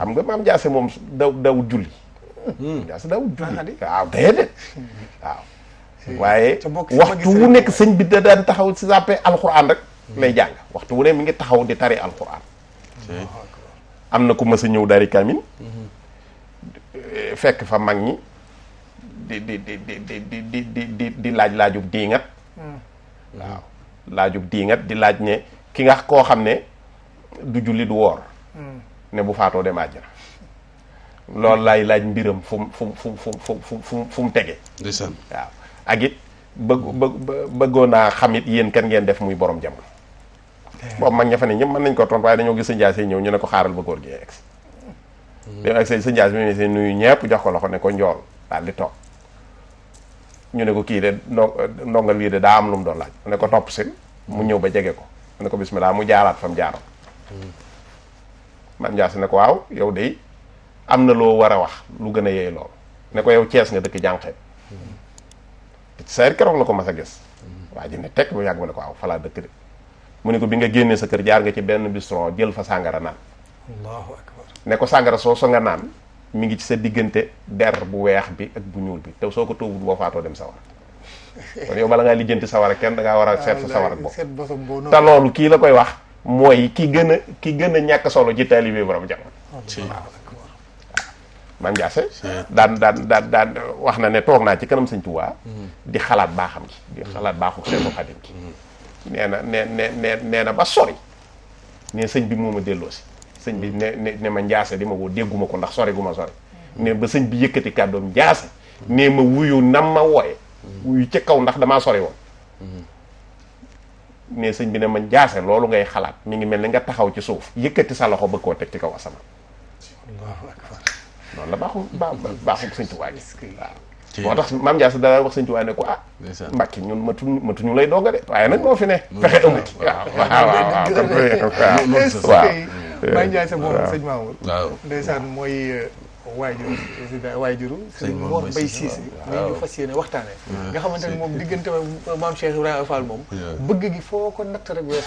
xam nga maam Jaase moom daw daw julli Jaase hmm. daw julli waaw déedéet waaw waaye waxtu wu nekk sëñ bi da daan taxaw si sàppe alxuraan rek hmm. lay jàng waxtu wu ne mi ngi taxaw di tari alxuraan am na ku mas a ñëw dari kamin hmm. fekk fa mag ñi di di di di di di di di di laaj laajub diingat waaw laajub diingat di laaj ne ki nga koo xam ne du julli du woor hmm. ne bu faatoo dem àjjana loolu laay laaj mbiram fu mu fu mu fu mu fu mu tege waaw ak it bëgg bëggoon naa xam it yéen kan ngeen def muy borom jamono eh. boobu mag ña fa ne ñëpp mën nañ ko tont waaye dañoo gis sa njaas ñëw ñu ne ko xaaral ba góor gi egsi dem ak sa njaas bi ne nuyu ñëpp jox ko loxo ne ko njool daal di toog ñu ne ko kii de ndo ndonga lii de daa am lu mu doon laaj ne ko topp si mu ñëw ba jege ko ne ko bismillah mu jaaraat fa mu jaaroon maam Ndiass ne ko aw yow de am na loo war a wax lu gën a yeey lool ne ko yow Cees nga dëkk jànqee sayr keroog la ko ma a gis waa ji ne teg bu yàgg mu ne ko aw falaa dëkk de mu ne ko bi nga génnee sa kër jaar nga ci benn bistron jël fa sàngara naan allahu akbar ne ko sàngara soo so nga naan mi ngi ci sa diggante der bu weex bi ak bu ñuul bi te soo ko toogut boo faatoo dem sawar kon yow bala ngaa lijjanti sawar ak kenn da ngaa war a seet sa sawar ak bopp te loolu kii la koy wax mooy ki gën a ki gën a ñàkk solo ci taalibe borom jamono maam Ndiassé daan daan daan daan wax na ne toog naa ci kanam sëñ Tuubaa hmm. di xalaat baaxam gi di xalaat baaxu Seexu Xaadim gi hmm. nee na nee nee ba sori ne sëñ bi moom a delloo si sëñ bi ne ne ma njaase di ma woo dégguma ko ndax sori gu ma sori ne ba sëñ bi yëkkati kàddoom njaase ne ma wuyu nam ma wooye wuyu ca kaw ndax damaa sore woon ne sëñ bi ne ma njaase loolu ngay xalaat mi ngi mel ni nga taxaw ci suuf yëkkati sa loxo ba koo teg ci kaw asamaan allahu akbar noonu la baaxu baaxu sëñ Tuubaa gi waaw moo tax maam Ndiass da wax sëñ Tuubaa ne ko ah. mbàkki ñun matuñu matuñu lay doo a de waaye nag moo fi ne. fexe amu waaw waaw. waaw Baye Ndiaye sa morom mooy euh, waajur président waajuru sëñ Mor Mbaye Cissé mais xamante ne moom diggante maam Cheikh moom bëgg gi foo ko natt moom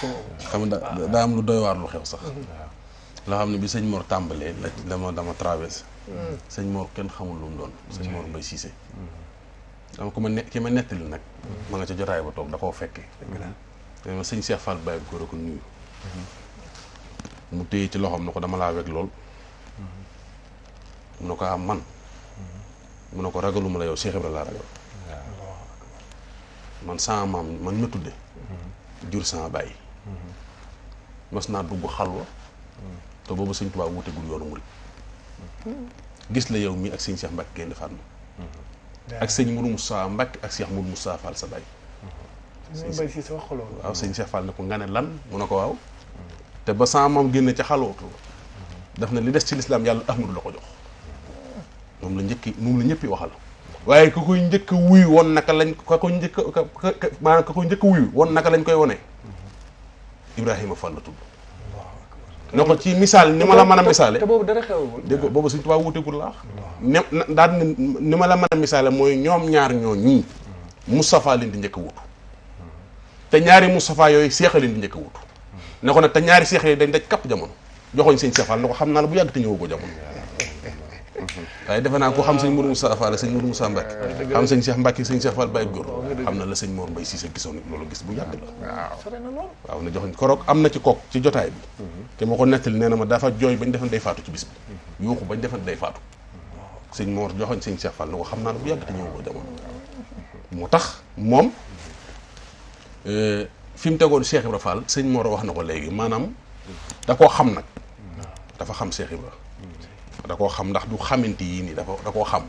xam nga am lu doy lu xew sax mm-hmm. loo xam ne bi sëñ Mor tàmbalee la dama dama traversé mm. sëñ Mor xamul lu doon sëñ Mor Mbaye Cissé mm-hmm. dama ma ne ki ma nettali nag mm-hmm. ma nga ca jotaay ba toog da koo fekkee ma sëñ Cheikh Fall Baye ko nuyu mu téye ci loxoom na ko dama laa weg lool mu ne ko am ah, man mu ne ko ragaluma la yow Cheikh Ibra laa ragal man sama maam man ma tudde mm-hmm. jur sama bàyyi mm-hmm. mas naa dugg xalwa mm-hmm. te boobu sëñ Tuubaa wute gul yoonu murit gis la yow mii ak sëñ Cheikh Mbacke genn defaat ma ak sëñ Mourou saa Mbacke ak Cheikh Mourou Moussa Fall sa bàyyi sëñ Cheikh waaw sëñ Cheikh Fall ne ko nga ne lan mu ne ko waaw te ba sans moom génn ci xalootu daf na li des ci lislaam yàlla ahmadu la ko jox moom la njëkki moom la ñëppi waxal waaye ku koy njëkk wuyu woon naka lañ ka njëkk maanaam ka woon naka lañ koy wone Ibrahima Fall la tudd ko ci misaal ni ma la mën a misaale te boobu dara xewagul dégg boobu suñ tubaab wutegul laax ne daan ne ni ma la mën a misaale mooy ñoom ñaar ñoo ñii Moustapha leen di njëkk wutu te ñaari Moustapha yooyu seex leen di njëkk wutu ne ko nag te ñaari seex yooyu dañ daj kapp jamono joxoñ sëñ Cheikh Fall loo ko xam naa la bu yàgg te ñëwagoo jamono waaye defe naa ko xam sëñ Mourou Moussa Fall sëñ Mourou Moussa Mbacke xam sëñ Cheikh Mbacke sëñ Cheikh Fall Baye Góor xam na la sëñ Mor Mbaye Cissé gisoon loolu gis bu yàgg la waaw waaw na joxoñ koroog am na ci kook ci jotaay te mhm. ma ko nettali nee na ma dafa jooy bañ defan day faatu ci bis bi mhm. yuuxu bañ defan day faatu sëñ Mor joxoñ sëñ Cheikh Fall xam naa bu yàgg te ñëwagoo jamono mhm. moo tax moom euh, fi mu tegoon Cheikh Ibra Fall sëñ Moro wax na ko léegi maanaam da koo xam nag dafa xam Cheikh Ibra da koo xam ndax du xamante yi nii dafa da koo xam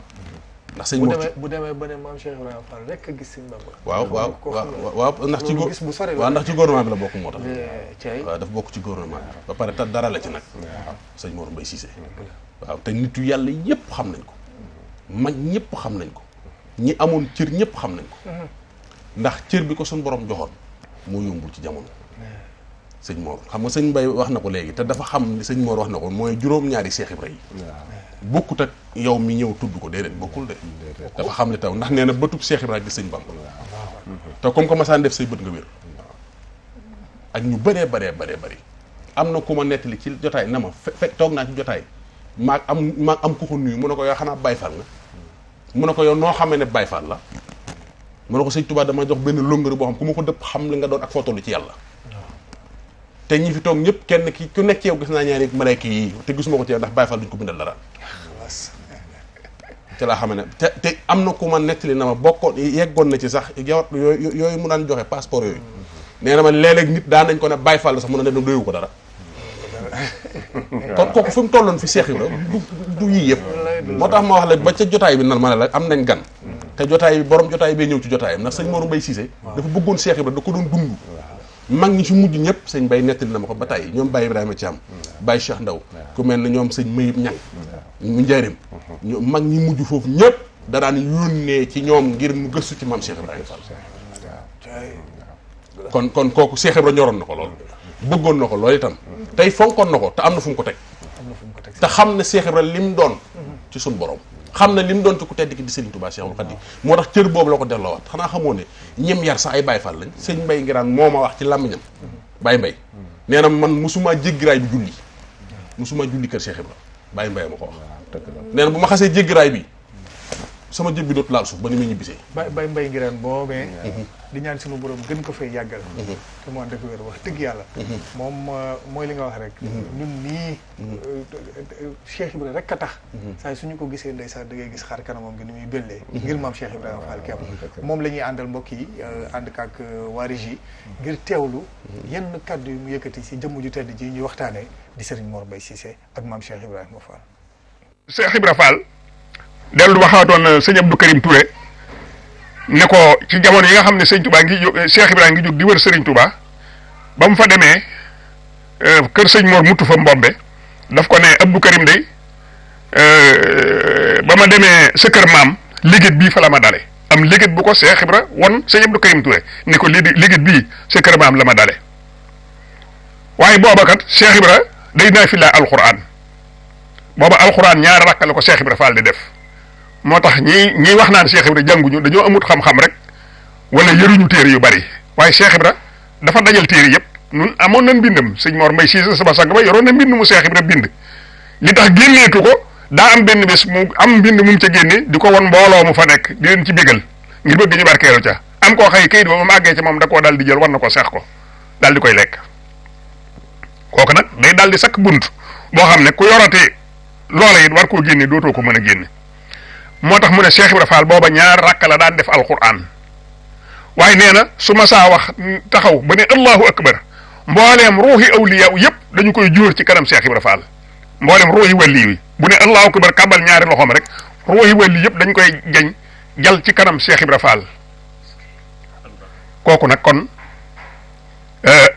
ndax sëñ Mor bu demee ba ne maam Cheikh Ibrahima rek gis sëñ Bamba waaw waaw waaw ndax ci waaw ndax ci gouvernement bi la bokk moo tax eh, waaw dafa bokk ci gouvernement ba pare te dara la ci nag sëñ Mor Mbaye Cissé mm-hmm. waaw te nitu yàlla yëpp xam nañ ko mag ñëpp xam nañ ko ñi amoon cër ñëpp xam nañ ko mm-hmm. ndax cër bi ko suñ borom joxoon moo yombul ci jamono sëñ Mor xam nga sëñ Mbay wax na ko léegi te dafa xam li sëñ Mor wax na ko mooy juróom-ñaari Seex Ibra yi bokkut ak yow mi ñëw tudd ko déedéet bokkul de dafa xam ne taw ndax nee na bëtub Seex Ibra di sëñ Bamba te comme que masaan def say bët nga wér ak ñu bëree bëree bëree bari am na ku ma nettali ci jotaay na ma fekk toog naa ci jotaay maag am maag am ku ko nuyu mu ne ko yow xanaa Baay Faal nga mu ne ko yow noo xamee ne Baay la mu ne ko sëñ Tuubaa dama jox benn longueur boo xam ku ma ko dëpp xam li nga doon ak foo ci yàlla te ñi fi toog ñëpp kenn ki ku nekk ci yow gis naa ñaari malaaka yi te gisuma ko ci yow ndax Baay Faal duñ ko bindal dara ci laa xam ne te te am na ku ma nettali na ma bokkoon yeggoon na ci sax yow yooyu yooyu mu daan joxe passeport yooyu nee na ma léeg-léeg nit daan ko ne Baay Faal la sax mun na ne doyewu ko dara kon kooku fi mu tolloon fi Seex Ibra du yii yëpp moo tax ma wax la ba ca jotaay bi nan ma ne la am nañ gan te jotaay borom jotaay bee ñëw ci jotaayam ndax sëñ Mor Mbaye Cissé dafa bëggoon Cheikh Ibra da ko doon dund mag ñi ci mujj ñëpp sëñ Baye nettali na ma ko ba tàyyi ñoom Baye Ibrahima Thiam Baye Cheikh Ndaw ku mel ne ñoom sëñ Mayib Ñang mu njaarim ñu mag ñi mujj foofu ñëpp danaan yónnee ci ñoom ngir mu gëstu ci maam Cheikh Ibrahima Fall kon kon kooku Cheikh Ibra ñoroon na ko lool bëggoon na ko loolu itam tey fonkoon na ko te am na fu ko teg te xam ne Cheikh Ibra li doon ci suñ borom xam na li mu doon te ku tedd ki di Serigne Touba Cheikhul Khadim moo tax cër boobu la ko delloowaat xanaa xamoo ne ñem yar sax ay Baye Fall lañ sëñ Mbaye Ngiraan moo ma wax ci làmmiñam Baye Mbaye nee na man mosumaa jéggiraay bi julli mosumaa julli kër Cheikh Ibra Baye Mbaye ma ko wax nee na bu ma xasee jéggiraay bi sama jëb bi dootu laal suuf ba ni muy ñibbisee. bay bay mbay ngiraan bobé di ñaan suñu borom gën ko fay yagal te mo ànd ko wër wax dëgg yalla mom euh, moy li nga wax rek. ñun ni euh, Cheikh ibrahim rek ka tax. saa suñu ko gisé ndey sa da ngay gis xar kanam mom gën ni bëllé ngir maam Cheikh ibrahim Fall képp. mom lañuy andal mbokk yi and euh, kaak waa régie ngir tewlu yenn kaddu mu yëkëti ci jëm ju tedd ji ñu waxtané di Serigne Mor Mbaye Cissé ak maam Cheikh ibrahim Fall. Cheikh ibrahim Fall. dellu waxaatoon sëñ Abdou Karim Touré ne ko ci jamono yi nga xam ne sëñ Touba ngi jóg Cheikh Ibrahima ngi jóg di wër Serigne Touba ba mu fa demee euh, kër sëñ Mor muttu fa Mbombe daf ko ne Abdou Karim day euh, ba ma demee sa kër maam liggéey bii fa la ma dale am liggéey bu ko Cheikh Ibra won sëñ Abdou Karim Touré ne ko lii bi bii sa kër maam la ma dale waaye booba kat Cheikh Ibra fi naafila alquran booba alquran ñaari rakk ko Cheikh Ibra Fall di def. moo tax ñii ñiy wax naan Cheikh Ibra jànguñu dañoo amut xam-xam rek wala yëruñu téere yu bari waaye Cheikh Ibra dafa dajal téere yëpp nun amoon na mbindam sëñ moor Mbay Siise sama sang ba yoroon na mbind mu seex Ibra bind li tax génneetu ko daa am benn bés mu am mbind mu mu ca génne di ko won mbooloo mu fa nekk di leen ci bégal ngir bëgg ñu barkeelu ca am koo kayit ba mu àggee moom da daal di jël war na ko seex ko daal di koy lekk kooku nag day daal di sakk bunt boo xam ne ku yoratee loola it war koo génne dootoo ko mën a génne moo tax mu ne Cheikh Ibra Fall booba ñaar rakk la daan def alquran waaye nee na su ma saa wax taxaw ba ne allahu akbar mbooleem ruuxi awliya yëpp dañu koy jóor ci kanam Cheikh Ibra Fall mbooleem ruuxi wàlli wi bu ne allahu akbar kàbbal ñaari loxoom rek ruuxi wàlli yëpp dañ koy jañ jal ci kanam Cheikh Ibra Fall kooku nag kon euh,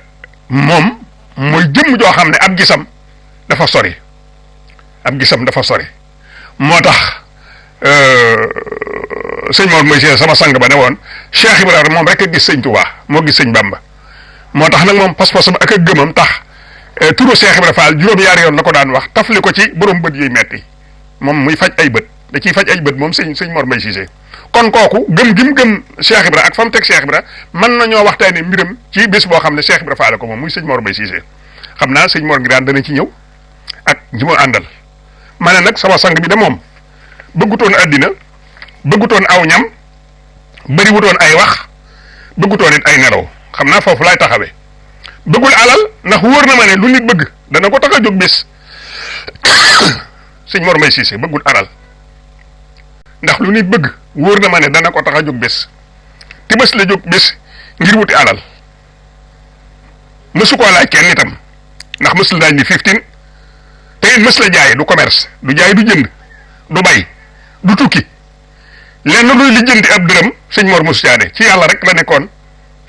moom mooy jëmm joo xam ne ab gisam dafa sori ab gisam dafa sori moo tax Eh, sëñ mo Moïse sama sang ba ne woon Cheikh Ibrahima moom rek a gis tuwa, Touba gi gis Bamba moo tax nag moom pas-pasam ak ak gëmam tax eh, turu Cheikh Ibrahima Fall juróom-ñaari yoon la ko daan wax tafli ko ci borom bët yuy metti moom muy faj ay bët da ciy faj ay bët moom sëñ sëñ Mor Mbaye Cissé kon kooku gëm gim gëm Cheikh Ibra ak fa mu teg wa Ibra mën nañoo waxtaanee mbiram ci bés boo xam ne Cheikh Ibra faale ko moom muy sëñ Mor Mbaye Cissé xam naa sëñ Mor Ngiraan dana ci ñëw ak ñi ma àndal ma sama sang bi de bëggutoon àddina bëggutoon aw ñam bëri wutoon ay wax bëggutoon it ay nelaw xam naa foofu laay taxawee bëggul alal ndax wóor na ma ne lu nit bëgg dana ko tax a jóg bis sëñ Mor may Cissé bëggul alal ndax lu nit bëgg wóor na ma ne dana ko tax jóg ti la jóg bis ngir wuti alal mësu koo laaj kenn itam ndax mës la ni fifteen te it mës la jaay du commerce du jaay du jënd du bay du tukki lenn luy lijjanti ab dërëm sëñ Mor Moussa Diané ci yàlla rek la nekkoon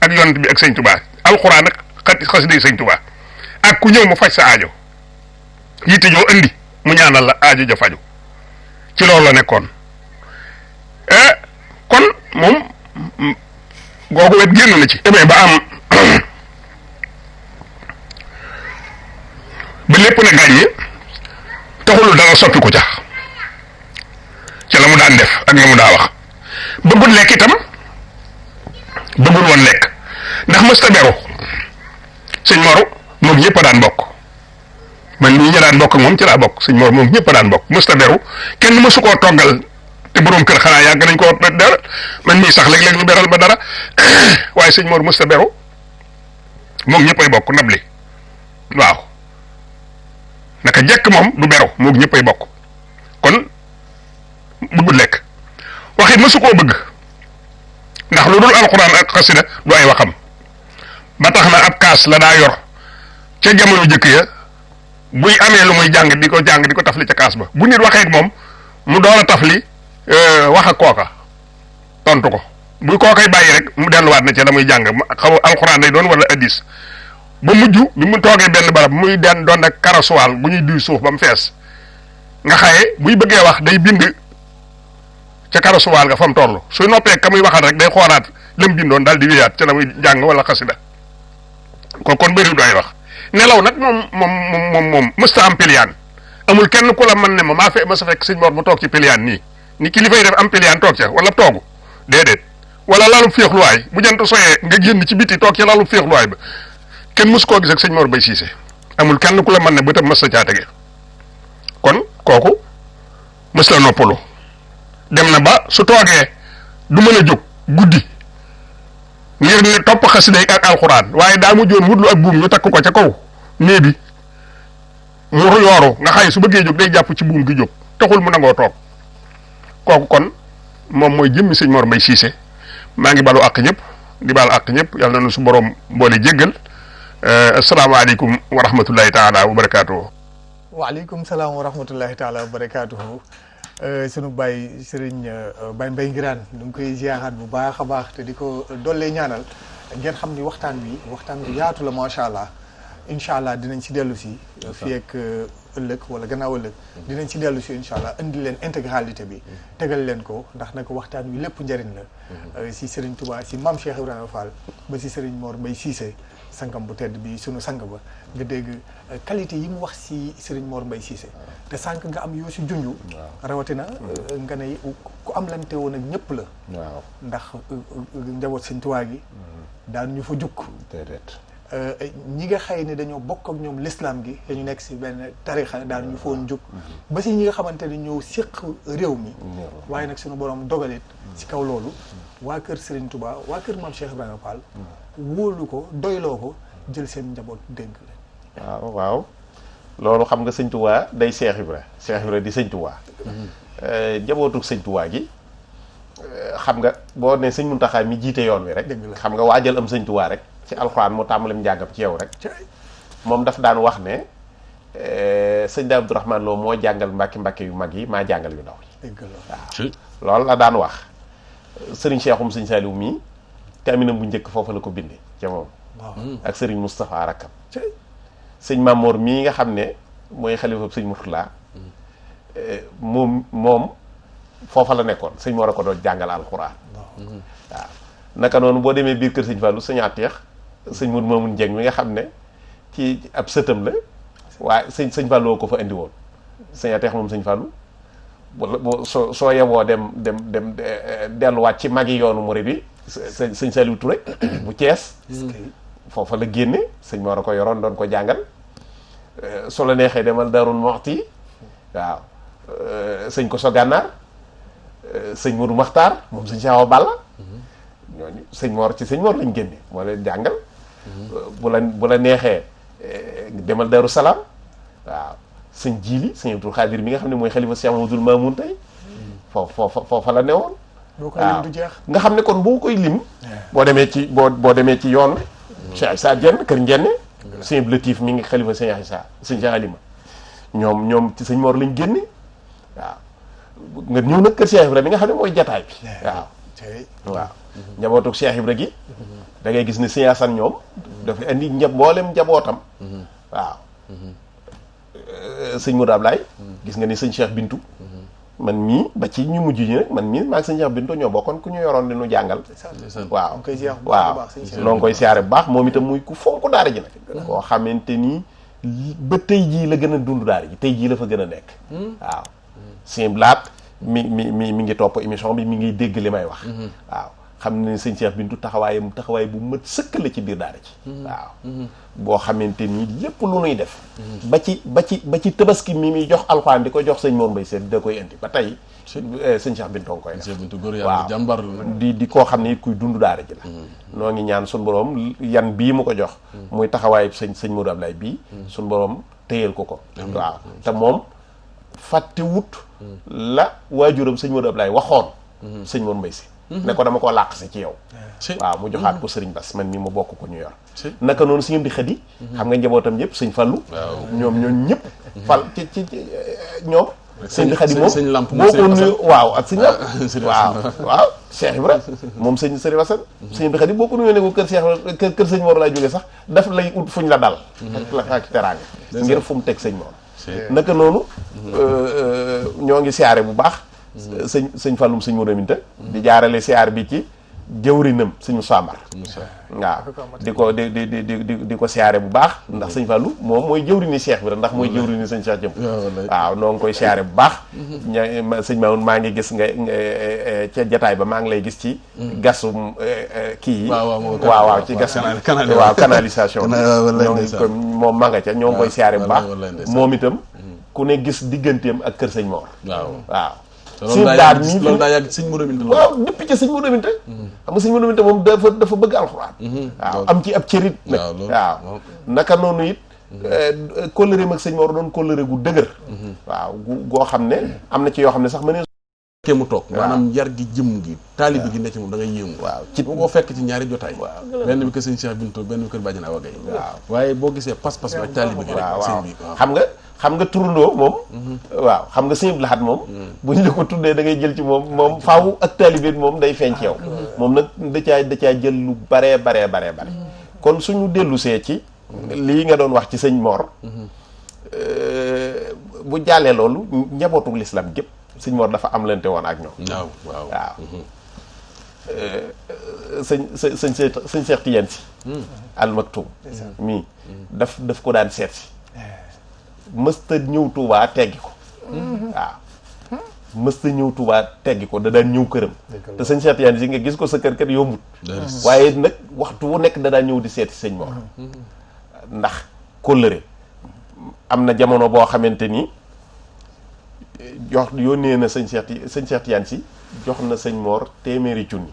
ak yonent bi ak sëñ Touba alxuraan ak xasida sëñ Touba ak ku ñëw mu faj sa aajo yitte joo andi mu ñaanal la aajo ja faju ci loolu la nekkoon eh, kon moom mm, googu wet génn na ci. demee eh, ba am ba lépp na gàññi taxul dara soppi ko ca. ci la mu daan def ak la mu daa wax bëggul lekk itam bëggul woon lekk ndax mësta beru sëñ moru moom ñëpp daan bokk man mii ñu daan bokk moom ci laa bokk sëñ moru moom ñëpp daan bokk mësta beru kenn mësu koo toggal te borom kër xanaa yàgg nañ koo dara man mii sax léeg-léeg ñu beral ba dara waaye sëñ moru mësta beru moom ñëppay bokk nabli waaw naka jekk moom du beru moom ñëppay bokk kon bëgg lekk waxit mësu nah bëgg ndax lu dul alquran ak wakam du ay waxam ba tax na ab kaas la da yor ca jamono jëk ya buy amé lu muy jang diko jang diko tafli ca kaas ba bu nit waxee ak mom mu doona tafli euh waxa koka tontu ko bu kay bayyi rek mu wat na ci lamuy jang xam alquran day doon wala hadith ba muju bi mu toge ben barab muy den don ak karaswal bu ñuy duy suuf bam fess nga xaye buy bëgge wax day bind ca wal nga fam tollu su noppé kamuy waxal rek day xolaat lam bindon dal di wiyat ca lamuy jang wala xasida kon kon bëri doy wax nelaw nak mom mom mom mom moom mësta am pilian amul kenn kula man ne ma fa ma sa fek seigne Mor mu tok ci pilian ni ni ki li fay def am pilian tok ca wala togu Dedet. wala laalum way bu jant soye nga génn ci biti toog ca laalum way ba kenn mës koo gis ak seigne Mor Bay Siise amul kenn kula man ne ba tam mës tege kon koku musta la dem na ba su toogee du mën a jóg guddi ngir topp xasida yi ak alxuraan waaye daa mu joon wutlu ak buum ñu takk ko ca kaw nee bi mu yooru nga xay su bëggee jóg day jàpp ci buum gi jóg taxul mu nangoo toog kooku kon moom mooy jëmmi sëñ Mor Mbay Siise maa ngi balu àq ñëpp di baal ak ñëpp yàlla na nu su borom mboole jéggal euh, asalaamaaleykum wa rahmatullahi taala wa barakaatuhu. waaleykum salaam wa rahmatullahi taala wa Euh, sunu Baye Serigne euh, Baye Mbaye Ngiraan ñu ngi koy ziaraat bu baax a baax te di ko dollee ñaanal ngeen xam ni waxtaan bi waxtaan bi yaatu la macha allah incha allah dinañ ci dellu si. fii ak euh, ëllëg wala gannaaw dinañ ci dellu si incha allah indi leen intégralité bi. tegal leen ko ndax nag waxtaan wi lépp njëriñ la. Mm-hmm. si Serigne Touba si maam Cheikh a Fall ba si Serigne Mor Mbaye Cissé sangam bu tedd bi sunu sang ba nga dégg. qualité yi mu wax si Serigne moor mbay Cissé te sànq nga am yoo si junj. rawatina euh, nga ne ku am lante woon ak ñëpp la. ndax euh, euh, njaboot Sëñ Tuubaa gi. Mm-hmm. daan ñu fa jukk ñi nga xëy ne dañoo bokk ak ñoom l'islam gi dañu nekk si benn tarixa daan ñu foon jug mm-hmm. ba si ñi nga xamante ne ñoo séq réew mi waaye nag suñu borom dogalit si mm-hmm. kaw loolu waa kër Serigne tubaa waa kër maam Cheikh Ibrahima Fall wóolu ko doyloo ko jël seen njaboot dénk waaw waaw loolu xam nga sëñtuwaa day Seex Ibra Seex Ibra di sëñ Tuubaa eh, njabootug gi eh, xam nga boo ne sëñ Muntaxaa mi jiite yoon wi rek xam nga waajal am sëñ rek ci alxuraan mu tàmbalim njàngam ci yow rek moom daf daan wax ne eh, sëñ da Abdourahman Lo moo jàngal mbakki mbàkki yu mag yi maa jàngal yu ndaw yi loolu la daan wax sëriñ Seexum sëñ Saaliw mii kaaminam bu njëkk foofu la ko bindee ca moom ak sëriñ Moustapha rakkam sëñ Mamour mii nga xam ne mooy xalifa sëñ Murtala eh, moom moom foofa la nekkoon sëñ Mor a ko doon jàngal alxuraan waaw naka noonu boo demee biir kër sëñ Fallou sëñ Ateex sëñ Mour Mamoun Njeng mi nga xam ne ci ab sëtam la waaye sëñ sëñ Fallou ko fa indi sëñ Ateex moom sëñ Fallou wala soo soo yeboo dem dem dem delluwaat ci mag yi yoonu murid bi sëñ sëñ Saliou Touré bu cees foofa la génne sëñ Mor a ko yoroon doon ko jàngal Eh, su la neexee demal Darul Moxti waaw eh, sëñ ko so gànnaar eh, sëñ Modou Maxtaar moom sëñ Saawa Balla ñooñu sëñ Mor ci sëñ Mor lañ génne moo leen jàngal bu la neexee demal Daru Salaam waaw sëñ Jiili sëñ Abdul Xaadir mi nga xam ne mooy xalifa Cheikh Mamadul Mamoun tey foofu foofa la newoon boo nga xam ne kon boo koy lim boo demee ci boo boo demee ci yoon mm. Cheikh saa Dieng kër Njenne sëñ Latif mi ngi xalifa sëñ Aïssa sëñ Alima ñoom ñoom ci sëñ moor lañ génne waaw nga ñëw nag kër Cheikh Ibra bi nga xam ne mooy jataay bi waaw waaw njabootug Cheikh rek gi da ngay gis ni sëñ Asan ñoom dafa indi njab mboolem njabootam mm-hmm. waaw mm-hmm. sëñ Mourad Ablaye mm-hmm. gis nga ni sëñ Cheikh Bintu man mii ba ci ñu mujj ñi nag man mii maag sëñ Cheikh Binto ñoo kon ku ñu yoroon di nu jàngal waaw waaw noo ngi koy siyaare bu baax moom itam muy ku fonk daara ji nag koo xamante nii ba tey jii la gën a dund daara ji tey jii la fa gën a nekk hmm. waaw simblaat mi mi mi mi ngi topp émission bi mi ngi dégg li may wax hmm. waaw xam ne sëñ Cheikh Bintu taxawaayam taxawaay bu mët sëkk la ci biir daara ci mhm. waaw mhm. boo xamante ni lépp lu nuy def mhm. ba ci ba ci ba ci tabaski mi muy jox alxuraan di ko jox sëñ Mor Mbay Seen da koy ba tey sëñ Cheikh Bintu koy def waaw jàmbar di di koo xam ne kuy dund daara ji la ngi ñaan suñ borom yan bii mu ko jox muy taxawaayu sëñ sëñ Modou Ablaye bii suñ borom téyal ko ko waaw te moom wut la waajuram sëñ Modou laay waxoon sëñ Mor Mbay Si Mhm. ne ko dama koo làq si ci yow waaw mu joxaat mhm. ko sëriñ Bas man mii mu bokk ko ñu yor naka noonu suñu di xëdi mhm. xam nga njabootam yëpp sëñ Fallu ñoom ñoom ñëpp fal ci ci ñoom sëñ bi xadi moom sëñ lamp boo ko nuyu waaw ak sëñ lamp waaw waaw Cheikh Ibra moom sëñ sëriñ Wasan sëñ bi xadi boo ko nuyoo ne ko kër Cheikh kër kër sëñ Mor laa jógee sax daf lay ut fuñ la dal ak ak teraanga ngir fu mu teg sëñ Mor naka noonu euh, euh, ñoo ngi siyaare bu baax sëñ sëñ Falloum sëñ Modou Aminta di jaarale siyaar bi ci jëwrinam sëñ Moussa Mar waaw di ko di di di di di ko siyaare bu baax mm-hmm. ndax sëñ Fallou moom mooy jëwrini Cheikh bi ndax mooy mm-hmm. jëwrini sëñ Cheikh jëm ah, waaw bu baax mm-hmm. ña sëñ Maoun maa ngi gis nga e, e, ca jataay ba maa ngi lay gis ci gasum e, kii yi waaw ci gasum waaw canalisation ah, ñoom moom ma ca ñoo ngi koy ah, siyaare bu baax moom itam ku ne gis digganteem ak kër sëñ Mor waaw sëñ daam mi loolu daa yàgg sëñ Modou Minta waaw depuis ci sëñ Modou Minta hmm. xam nga sëñ Modou Minta moom dafa bëgg alxuraan hmm. waaw am ci ab cërit nag waaw naka noonu it hmm. eh, kóllëreem ak sëñ Mor doon kóllëre gu dëgër waaw gu goo xam ne am na ci yoo xam ne sax ma ne ke mu toog maanaam yar gi jëm gi taalibi gi ne ci moom da ngay yéemu waaw ci bu ko fekk ci ñaari jotaay benn bi kër sëñ Cheikh Bintou benn bi kër Badiane Awa Gaye waaw waaye boo gisee pas-pas bi ak taalibi gi rek sëñ bi xam nga xam nga turandoo moom. waaw xam nga sëñ laxat moom. buñ la ko tuddee dangay jël ci moom moom faaw ak taalibe moom day feeñ ci yow. moom nag da caa da caa jël lu baree baree baree bare kon suñu dellu see ci. lii nga doon wax ci sëñ moor eh, bu jàllee loolu njabootu lislaam gépp sëñ moor dafa am lente woon ak ñoom. waaw waaw waaw. Eh, sëñ sëñ sëñ Seex Tijaan Si. Al Maktoum. mii daf daf ko daan seet si. mësta ñëw tubaa teggi ko waaw mësta ñëw Touba teggi ko da daan ñëw këram te sëñ Cheikh Tidiane si nga gis ko sa kër kër yombut waaye nag waxtu wu nekk da daan ñëw di seeti sëñ Mor ndax kóllëre am na jamono boo xamante ni jox yónnee na sëñ Cheikh sëñ Cheikh Tidiane si jox na sëñ moor téeméeri junni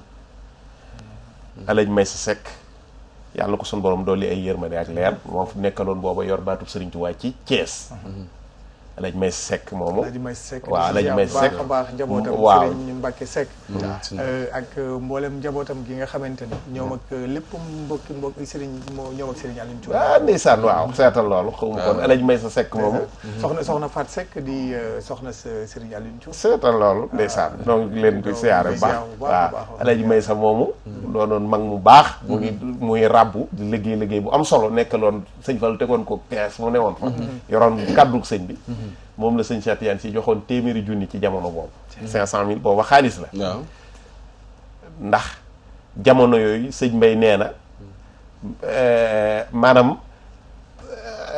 alañ may sa sekk yàlla ko suñu borom dolli ay yërmande ak leer moo fi nekkaloon booba yor baatub sëriñ Tuubaa ci Thiès Alaaji May Seck moomu. Alaaji May baax a baax njabootam Sëriñ mm. euh, ak euh, mboolem njabootam gi nga xamante ni ñoom mm. ak euh, lépp mbokki mbokki Sëriñ ñoom ak Sëriñ Alim ah, seetal loolu xaw ma kon ah. Alaaji sa Seck moomu soxna soxna Fat Seck di soxna sa Sëriñ Alim Thioune seetal loolu ndeysaan ah. donc waaw Alaaji May sa moomu looloon mm. mag mu baax mu ngi muy rabbu di liggéey bu am solo nekk loon sëñ Fallu tegoon ko kees mu newoon fa mm-hmm. yoroon kàddu sëñ bi mm-hmm. moom la sëñ Cheikh Tidiane si joxoon téeméeri junni ci jamono boobu. 500000 booba xaalis la. waaw jamono yooyu sëñ Mbay nee na eh, maanaam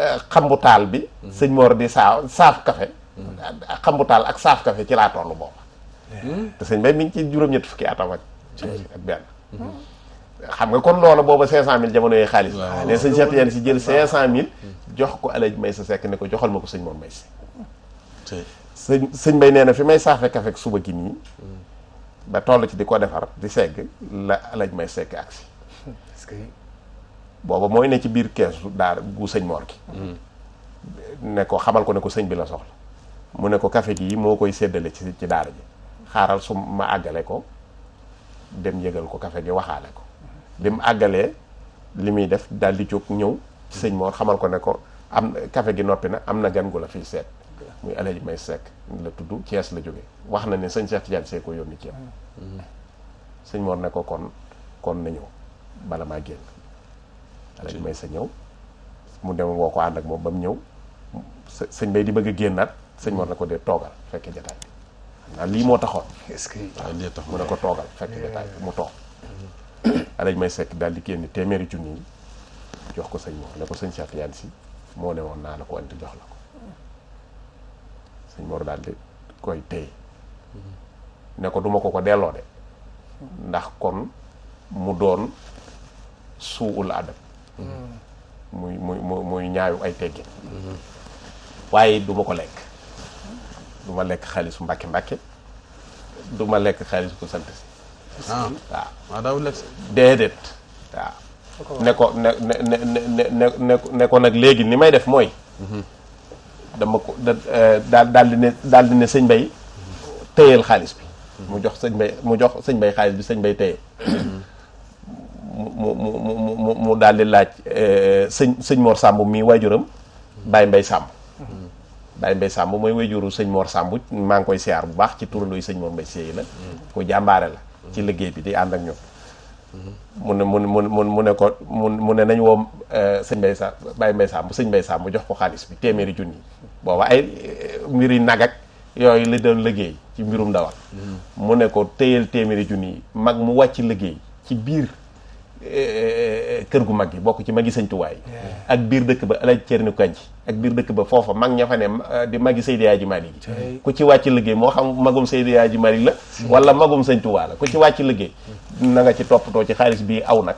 eh, xambu taal bi. Mm-hmm. sëñ Mor di saa saaf kafe. Mm-hmm. xambu taal ak saaf kafe ci laa toll booba. te sëñ Mbay mi ngi ci juróom-ñett fukki atam ak benn. Mm-hmm. xam nga kon loola booba 500000 jamono yooyu xaalis. waaw waaw léegi sëñ Cheikh si jël 500000. jox ko El Hadj Maysa Seck ne ko joxal ma ko sëñ Mor si sëñ sëñ bay nee na fi may saafe kafe suba gi nii ba toll ci di ko defar di segg la lañ may sekk agsi booba mooy ne ci biir keesu daara gu sëñ moor gi hmm. ne ko xamal ko ne ko sëñ bi la soxla mu ne ko kafe gi moo koy séddale ci ci daara ji xaaral su ma àggale ko dem yëgal ko kafe gi waxaale ko bi mu àggalee li muy def daal di jóg ñëw sëñ moor xamal ko ne ko am kafe gi noppi na am na gan gu la fiy seet muy Alaaji May Seck la tudd Thiès la jóge wax na ne sëñ Cheikh Tidiane Seck ko yónni Thiès mm-hmm. sëñ Mor ne ko kon kon na ñëw bala maa May sa ñëw mu dem ko ànd ak ba mu ñëw sëñ bay di bëgg a génnaat sëñ Mor ko dee toogal fekke jataay bi lii moo taxoon est-ce ne ko toogal fekke jataay bi mu toog mm-hmm. Alaaji May Seck daal di génn téeméeri junni ko sëñ Mor ne ko sëñ Cheikh Tidiane si moo woon naa la ko andi jox la sëñ Mor daal di koy téye ne ko duma ko ko delloo de ndax kon mu doon suul adab muy muy muy ñaayu ay teggin waaye du ma ko lekk du ma lekk xaalisu mbàkke mbàkke du ma lekk xaalisu ko sant si ah. waaw waaw ah, daaw lekk déedéet waaw ne ko ne ne ne ne ne ko nag léegi ni may def mooy mhm. dama ko eh, daal daal di ne daal di ne sëñ bay téyeel xaalis bi mu jox sëñ bay mu jox sëñ bay xaalis bi sëñ bay téye mu mu mu mu mu daal di laaj eh, sëñ sëñ Mor Samb mii waajuram baay mbay Samb Baye Mbaye Samb mooy waajuru sëñ moor Samb maa ngi koy siyaar bu baax ci turandoo sëñ Mor mbay Seye la ko jàmbaare la ci liggéey bi di ànd ak ñoom mu ne mu ne mu ne ko mu ne nañu woo euh, sëñ Mbaye Samb bay Mbaye Samb sëñ Mbaye Samb mu jox ko xaalis bi téeméeri junni booba ay euh, mbiri nag ak yooyu li doon liggéey ci mbirum ndawal mm-hmm. mu ne ko téyel téeméeri junni yi mag mu wàcc liggéey ci biir euh, kër gu mag gi bokk ci magi sëñ tuwaay ak biir dëkk ba alaaj cerni kanc ak biir dëkk ba foofa mag ña fa ne di magi Seydi Hadji Malick gi ku ci wàcc liggéey moo xam magum Seydi Hadji Malick la mm-hmm. wala magum sëñ tuwaa la ku ci wàcc liggéey mm-hmm. na nga ci toppatoo ci xaalis bii aw nag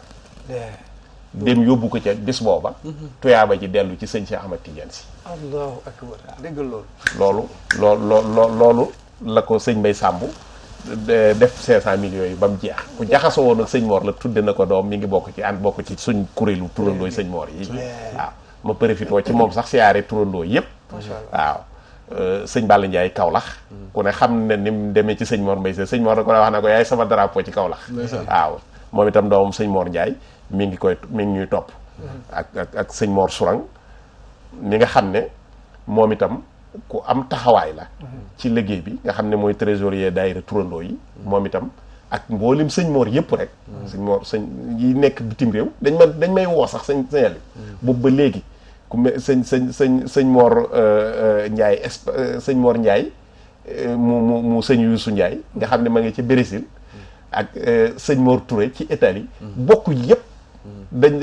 dem yóbbu ko ca bis booba mm-hmm. tuyaaba ji dellu ci sëñ Cheikh Ahmad Tidiane si allahu akbar dégg loolu loolu loolu loolu la ko sëñ Mbay Sàmb def 500 millions yi ba mu jeex ku jaxasoo woon ak sëñ Mor la tudde na ko doom mi ngi bokk ci ànd bokk ci suñ kuréelu turandooy sëñ Mor yi waaw ma profitoo ci moom sax siyaare turandoo yëpp waaw Euh, sëñ Balla Ndiaye Kaolack mm. ku ne xam ne ni mu demee ci sëñ Mor Mbaye sëñ Mor ko wax na ko yaay sama drapeau ci Kaolack waaw moom itam doomam sëñ Mor Ndiaye mi ngi koy mi ngi ñuy topp mm. ak ak ak sëñ Mor Sourang mi nga xam ne moom itam ku am taxawaay la mm. ci liggéey bi nga xam ne mooy trésorier daayira turandoo yi moom itam ak mboolim sëñ moor yëpp rek sëñ moor sëñ yi nekk bitim réew dañ ma dañ may woo sax sañ sëñel bi ba léegi ku me sëñ sëñ sëñ sëñ Mor euh, euh, Ndiaye esp euh, sëñ Mor Ndiaye mu mu mu sëñ Youssou Ndiaye nga xam ne ma ngi ci Brésil ak sëñ moor ture ci Italie bokk yëpp dañ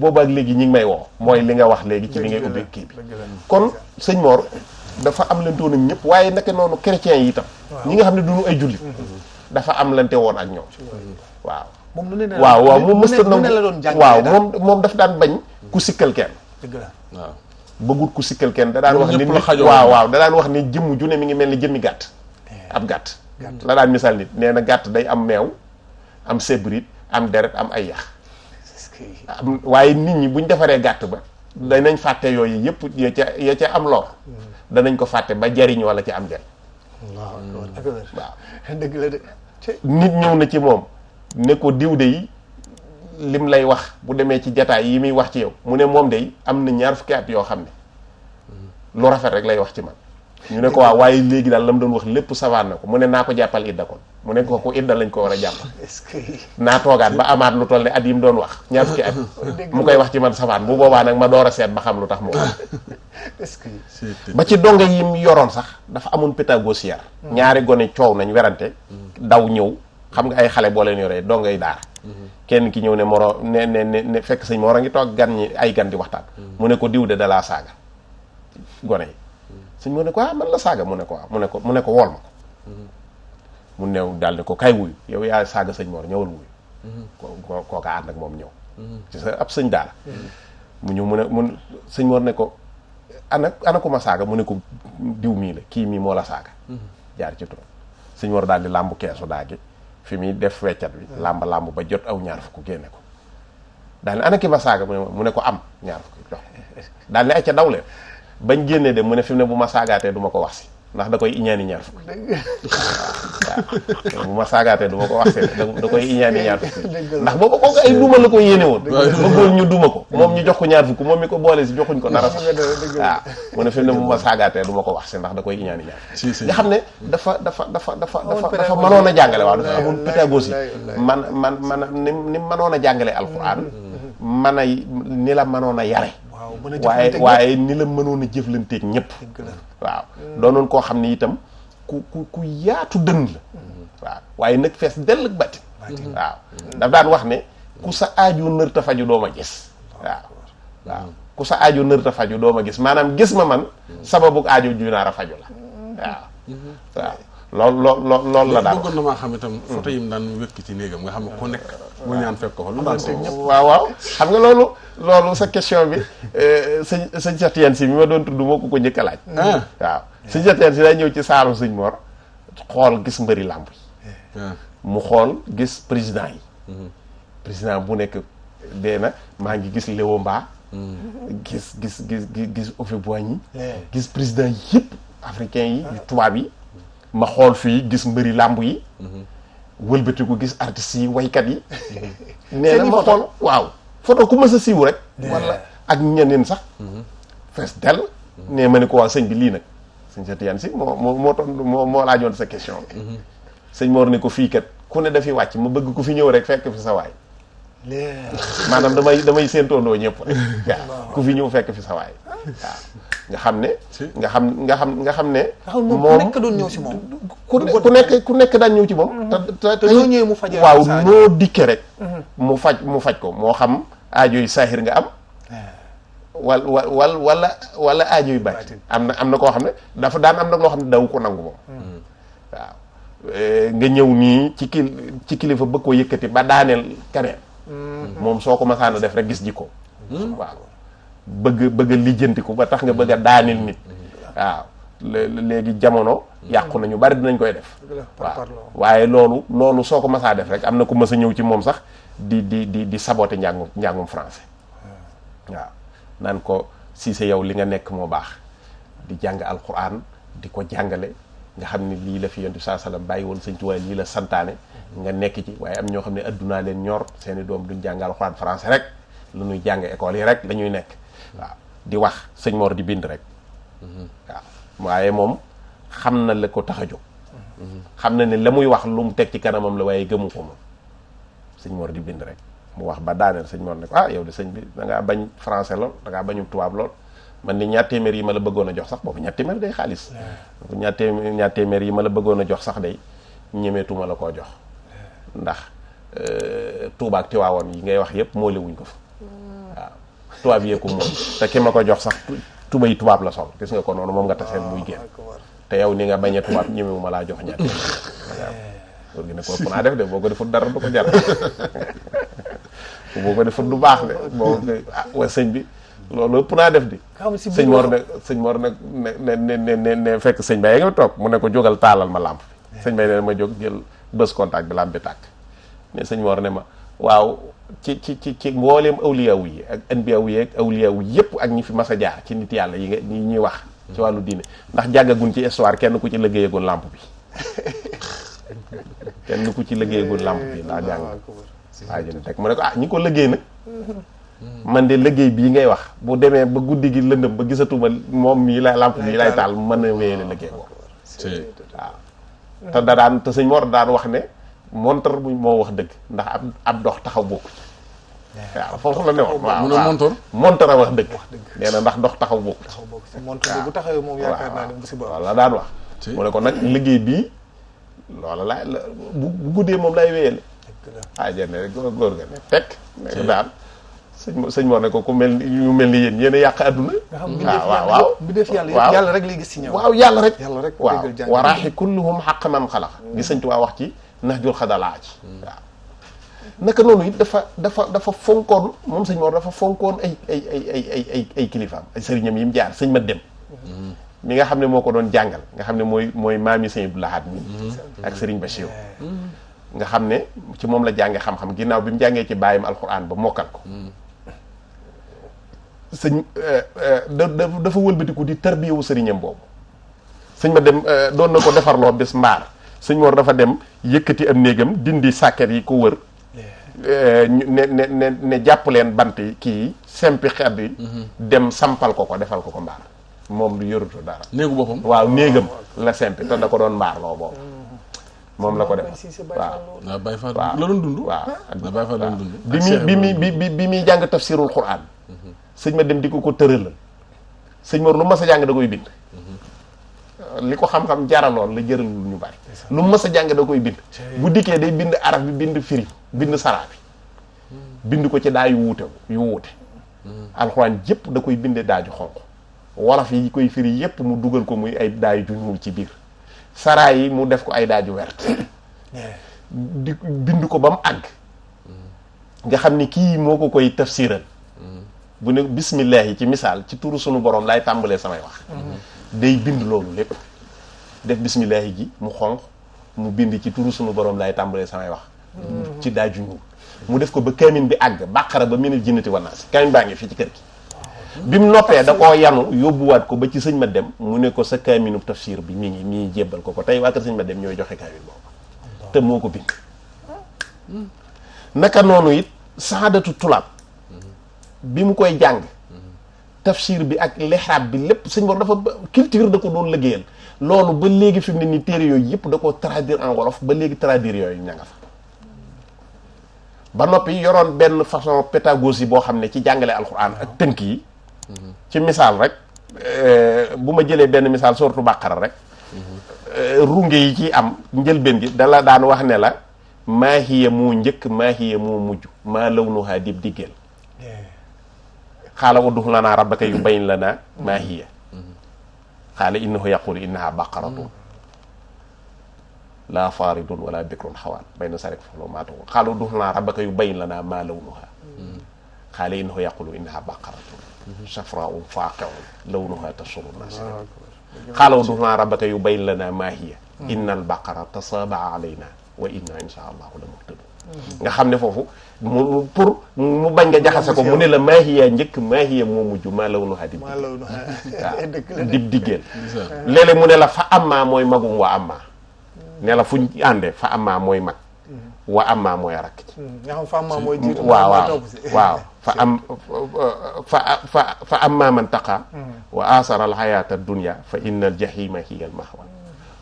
boobaak léegi ñi may woo mooy li nga wax léegi ci li ngay ubbi kii bi kon sëñ Mor dafa am lante woon ak ñëpp waaye naka noonu chrétiens yi itam ñi nga xam ne duñu ay jullit mm-hmm. dafa am lante woon ak ñoom mm-hmm. waaw moom nu ne la waaw waaw moom mësta nangu waaw moom moom daf daan bañ ku sikkal kenn waaw bëggut ku sikkal kenn da daan wax ni waaw waaw wax ni jëmm ju ne mi ngi mel ni jëmmi gàtt ab gàtt la daan misaal nit nee na gàtt day am meew am am deret am ay waaye nit ñi buñ defaree gàtt ba danañ fàtte yooyu yëpp ya ca ya ca am lor mm. danañ ko fàtte ba jariñ wala ca am jariñ waaw mm. dëgg la nit ñëw na ci moom ne ko diw de yi lim lay wax bu demee ci jataay yi muy wax ci yow mu ne moom day am na ñaar fukki at yoo xam ne lu rafet rek lay wax ci man ñu ne ko waaw waaye léegi daal la mu doon wax lépp sawaan na ko mu ne naa ko jàppal idda kon mu ne ko ku idda ko war a jàppal naa toogaat ba amaat lu toll at yi mu doon wax ñaar fukki at mu koy wax ci man savaan bu boobaa nag ma door a seet ba xam lu tax moom ba ci donge yi mu yoroon sax dafa amoon pédagogie ñaari gone coow nañ werante daw ñëw xam nga ay xale boo leen yoree donge yi daara kenn ki ñëw ne moro ne ne ne fekk sëñ moro ngi toog gan ñi ay gan di waxtaan mu ne ko diw de dalaa saaga gone yi sëñ ne ko ah man mu ne ko ah, mu ne ko mu ne ko wool ma ko ko kay yow yaa saaga sëñ moro ñëwal moom ñëw ab sëñ daala mu ne mun sëñ mor ne ko ana ana ma saaga mu ne ko diw mii la kii mii moo la saaga jaar ci turam sëñ mor daal di làmbu keesu daa gi fi muy def weccat bi làmba làmb ba jot aw ñaar fukk génne ko daal ne ana ki ma saaga mu ne ko am ñaar fukk jox daal ne ay ca daw leen bañ génnee de mu ne fi ne bu ma saagaatee duma ko wax si ndax da koy iñaani ñaar fukk waaw bu ma saagaatee du ma ko wax seen koy iñaani ndax booba kooku ay duma la ko yéene woon bëggoon ñu duma ko moom ñu jox ko ñaar fukk moom mi ko boole si joxuñ ko dara sax waaw mu ne fi mu ko wax seen ndax da koy iñaani ñaar fukk nga xam ne dafa dafa dafa dafa dafa dafa a jàngale waaw dafa amoon pédagogie man man man ni ni mënoon a jàngale alquran mm-hmm. mm-hmm. man a ni la mënoon a yare waaye ni la mënoon a jëflanteeg ñëpp waaw doonoon koo xam ne itam ku ku ku yaatu dënn la waaw waaye nag fees dell ak batin waaw daf daan wax ne ku sa aaju nër ta faju doo ma gis waaw waaw ku sa aaju nër ta faju doo ma gis maanaam gis ma man sababu aajo junaar a faju la mm-hmm. waaw mm-hmm. lool lool lool la daal bëggoon na maa xam itam photo yi mu daan wékk ci néegam nga xam ne ku nekk mu ñaan fekk ko lu waaw waaw xam nga loolu loolu sa question bi eh, sëñ sëñ Satiyaan si mi ma doon tudd moo ko ko njëkk laaj ah. waaw sëñ Satiyaan si day ñëw ci saaru sëñ moor xool gis mbëri làmb yi ah. mu xool gis président yi mhm. président bu nekk dee na maa ngi gis Léwo Mba mhm. gis gis gis gis Houphouët-Boigny eh. gis président yëpp africain yi tubaab yi ma xool fii gis mbëri làmb yi. Mhm. wëlbatiku gis artistes yi waykat yi. Mhm. nee na ma xool waaw. photo ku mës a siiw rek. wala ak ñeneen sax. Mhm. fees dell. nee ma ne ko waa sëñ bi lii nag. sëñ sa tiyaan si moo moo moo toon moo moo laajoon sa question bi. sëñ Mor ne ko fii kat ku ne dafi wàcc ma bëgg ko fi ñëw rek fekk fi sa waay. maanaam damay damay séentoondoo ñëpp rek ku fi ñëw fekk fi sawaay waaw nga xam ne nga xam nga xam nga xam ne moom nekk doon ñëw si moom ku nekk ku nekk daan ñëw ci moom mm-hmm. te te ñëwee mu faj waaw noo rek mm-hmm. mu faj mu faj ko moo xam aajo yu saaxir nga am wal wal wala wala aajo yu bàyyi am na am na koo xam ne dafa daan am na loo xam ne daw ko nangu moom mm-hmm. waaw eh, nga ñëw nii ci kil ci kilifa bëgg koo yëkkati ba daaneel keneen Mm-hmm. moom soo ko masaan a def rek gis jikko mm-hmm. waaw bëgg bëgg a lijjantiku ba tax nga bëgg a daanil nit mm-hmm. waaw léegi jamono yàqu nañu bari dinañ koy def waaw waaye loolu loolu soo ko a def rek am na ko mas a ñëw ci moom sax di di di di saboté njàngum njàngum français waaw naan ko Cissé yow li nga nekk moo baax di jàng alquran di ko jàngale nga xam ni lii la fi yonent bi saa sallam bàyyi woon sëñ Tuubaa lii la santaane nga nekk ci waaye am ñoo xam ne addunaa leen ñor seeni doom duñ jàngal alxuraan français rek lu ñuy jàng école yi rek la nekk waaw di wax sëñ Mor di bind rek mhm. waaw moom xam na la ko tax a jóg xam na ne la muy wax lu mu teg ci kanamam la waaye gëmu ko moom sëñ Mor di bind rek mu wax ba daaneel sëñ Mor ne ah yow di sëñ bi da ngaa bañ français lool da bañu tubaab lool man ni ñaar téeméer yi ma la bëggoon a jox sax boobu ñaar téeméer day xaalis ñaar téeméer téeméer yi ma la bëggoon a jox sax day ñemeetuma la koo jox ndax euh, Touba ak Tiwaawan yi ngay wax yëpp moole wuñ ko fa waaw tubaab yee moom te ki ma ko jox sax tubay tubaab la sol gis nga ko noonu moom nga taseen muy génn te yow ni nga bañee tubaab ñemewu ma jox ñaar loolu def de boo ko defut dara du ko jar boo ko defut baax de boo ah, wa sëñ bi loolu ëpp naa sëñ Mor ne sëñ Mor nag fekk sëñ Baye nga toog mu ne ko jógal taalal ma làmp bi sëñ Baye ne ma jóg jël bes contact bi lambi tàkk sañ sëñ Mor ne ma waaw ci ci ci ci mbooleem awliyaaw yi ak anbiyaaw yi ak awliyaaw yépp ak ñi fi mas a jaar ci nit yàlla yi nga ñi ñuy wax ci wàllu diine ndax jàggagun ci histoire kenn ku ci liggéeyagul làmp bi kenn ku ci liggéeyagul làmp bi ndax jàng waa jën teg mu ne ko ah ñi ko liggéey nag man de liggéey bii ngay wax bu demee ba guddi gi lëndëm ba gisatuma moom mii lay làmp mii lay taal mën a wéyale liggéey boobu te da daan te sëñ Mor daan wax ne montar bu moo wax dëgg ndax am ab dox taxaw bokku ci. waaw foofu la ne woon waaw waaw wax dëgg. dëgg nee na dox taxaw bokku ci. waaw montar bu taxawee moom yaakaar naa ne musiba la daan wax. mu ne ko nag liggéey bii loola laay bu bu guddee moom lay wéyale. dëgg la ah góor nga fekk. daal. sëñ Mor sëñ ne ko ku mel ni ñu mel ni yéen a yàq àdduna. Mm. Ah, waaw waaw waaw yàlla rek lay gis si ñoom. yàlla rek yàlla rek. waaw waraaxi kulluhum xaq man xalax. di mm. sëñ Tuubaa wax ci Nahjul Xadalaaj. Mm. waaw naka noonu it dafa dafa dafa fonkoon moom sëñ Mor dafa fonkoon ay ay ay ay ay ay ay kilifaam sëriñam yi mu jaar ma dem. mi nga xam ne moo ko doon jàngal nga xam ne mooy mooy maam maami sëñ Abdou Lahad mi ak sëriñ Bachir. nga xam ne ci moom la jàngee xam-xam ginnaaw bi mu jàngee ci bàyyam alxuraan ba mokkal ko sëñ euh, euh, dafa wëlbatiku di tarbiyewu sëriñam boobu sëñ ma dem euh, doon na ko defarloo bés mbaar sëñ Mor dafa dem yëkkati am néegam dindi sàkket yi ko wër ne ne ne jàpp leen bant kii sempi xet yi mm-hmm. dem sampal ko ko defal ko ko mbaar moom du yorutu dara néegu boppam waaw néegam la sempi te da ko doon mbaar boobu mm-hmm. moom la ko def waaw waaw Baye Fall la doon la doon dund bi muy bi muy bi bi muy jàng tafsirul Quraan mm-hmm. sëñ ma dem di ko ko tëralal sëñ Mor lu mas a jàng da koy bind. Mm-hmm. li ko xam-xam jaraloon la jëralul ñu bari. lu mas a jàng da koy bind. bu dikkee day bind araf bi bind firi bind saraa bi. Mm-hmm. bind ko ci daa yu wuute yu wuute. Mm-hmm. alxuraan yëpp da koy binde daaju xonq wolof yi koy firi yëpp mu dugal ko muy ay daay ju ñuul ci biir saraa yi mu def ko ay daaju wert di bind ko ba mu àgg. nga xam ni kii moo ko koy tafsiral bu ne bismillah yi ci misaal ci turu sunu boroom laay tàmbalee samay wax. Mhm. day bind loolu lépp def bismillah ji mu xonq mu bind ci turu sunu borom laay tàmbalee samay wax. Mhm. ci daaju ñuul mu def ko ba kaamin bi àgg bàqara ba minal jinnati wannaas kaamin baa ngi fi ci kër gi. Mhm. bi mu noppee da koo yanu yóbbuwaat ko ba ci sëñ ma dem mu ne ko sa kaaminu tafsir bi mi ngi mi ngi jébbal ko ko tey waa kër sëñ ma dem ñooy joxe kaamin boobu. te moo ko bind. Hmm. naka noonu it bi koy jàng tafsir bi ak l'ihrab bi lépp seigne Mor dafa culture dako don leguel lolou ba legui fi ni tere yoy yep dako traduire en wolof ba legui traduire yoy ñanga fa ba nopi yoron ben façon pédagogie bo xamné ci jàngale alxuraan ak tënk yi ci misal rek euh buma jëlé ben misal sortu bakara rek runge yi ci am ben gi da la daan wax ne la maa hiya moo njëkk ma hiya moo mujj maa lawnuhaa dib diggéel خاله ودوه لنا ربك يبين لنا ما هي قال إنه يقول إنها بقرة لا فارض ولا بكر حوال بين سارك فلو ما تقول قالوا ده لنا ربك يبين لنا ما لونها قال إنه يقول إنها بقرة صفراء فاقع لونها تسر الناس قالوا ده لنا ربك يبين لنا ما هي إن البقرة تصاب علينا وإنا إن شاء الله لمهتدون nga xam ne foofu mu pour mu bañ nga jaxase ko mu ne la maahiya njëkk ma moo mujj maa law nu xadib waaw dib diggéen léeg mu ne la fa amma mooy magum wa amma ne la fuñ ànde fa amma mooy mag wa amma mooy rakk mm-hmm. fa amma mooy waaw waaw am fa fa taqa mm-hmm. wa asara alxayata dunya fa inna aljahima hiya almahwa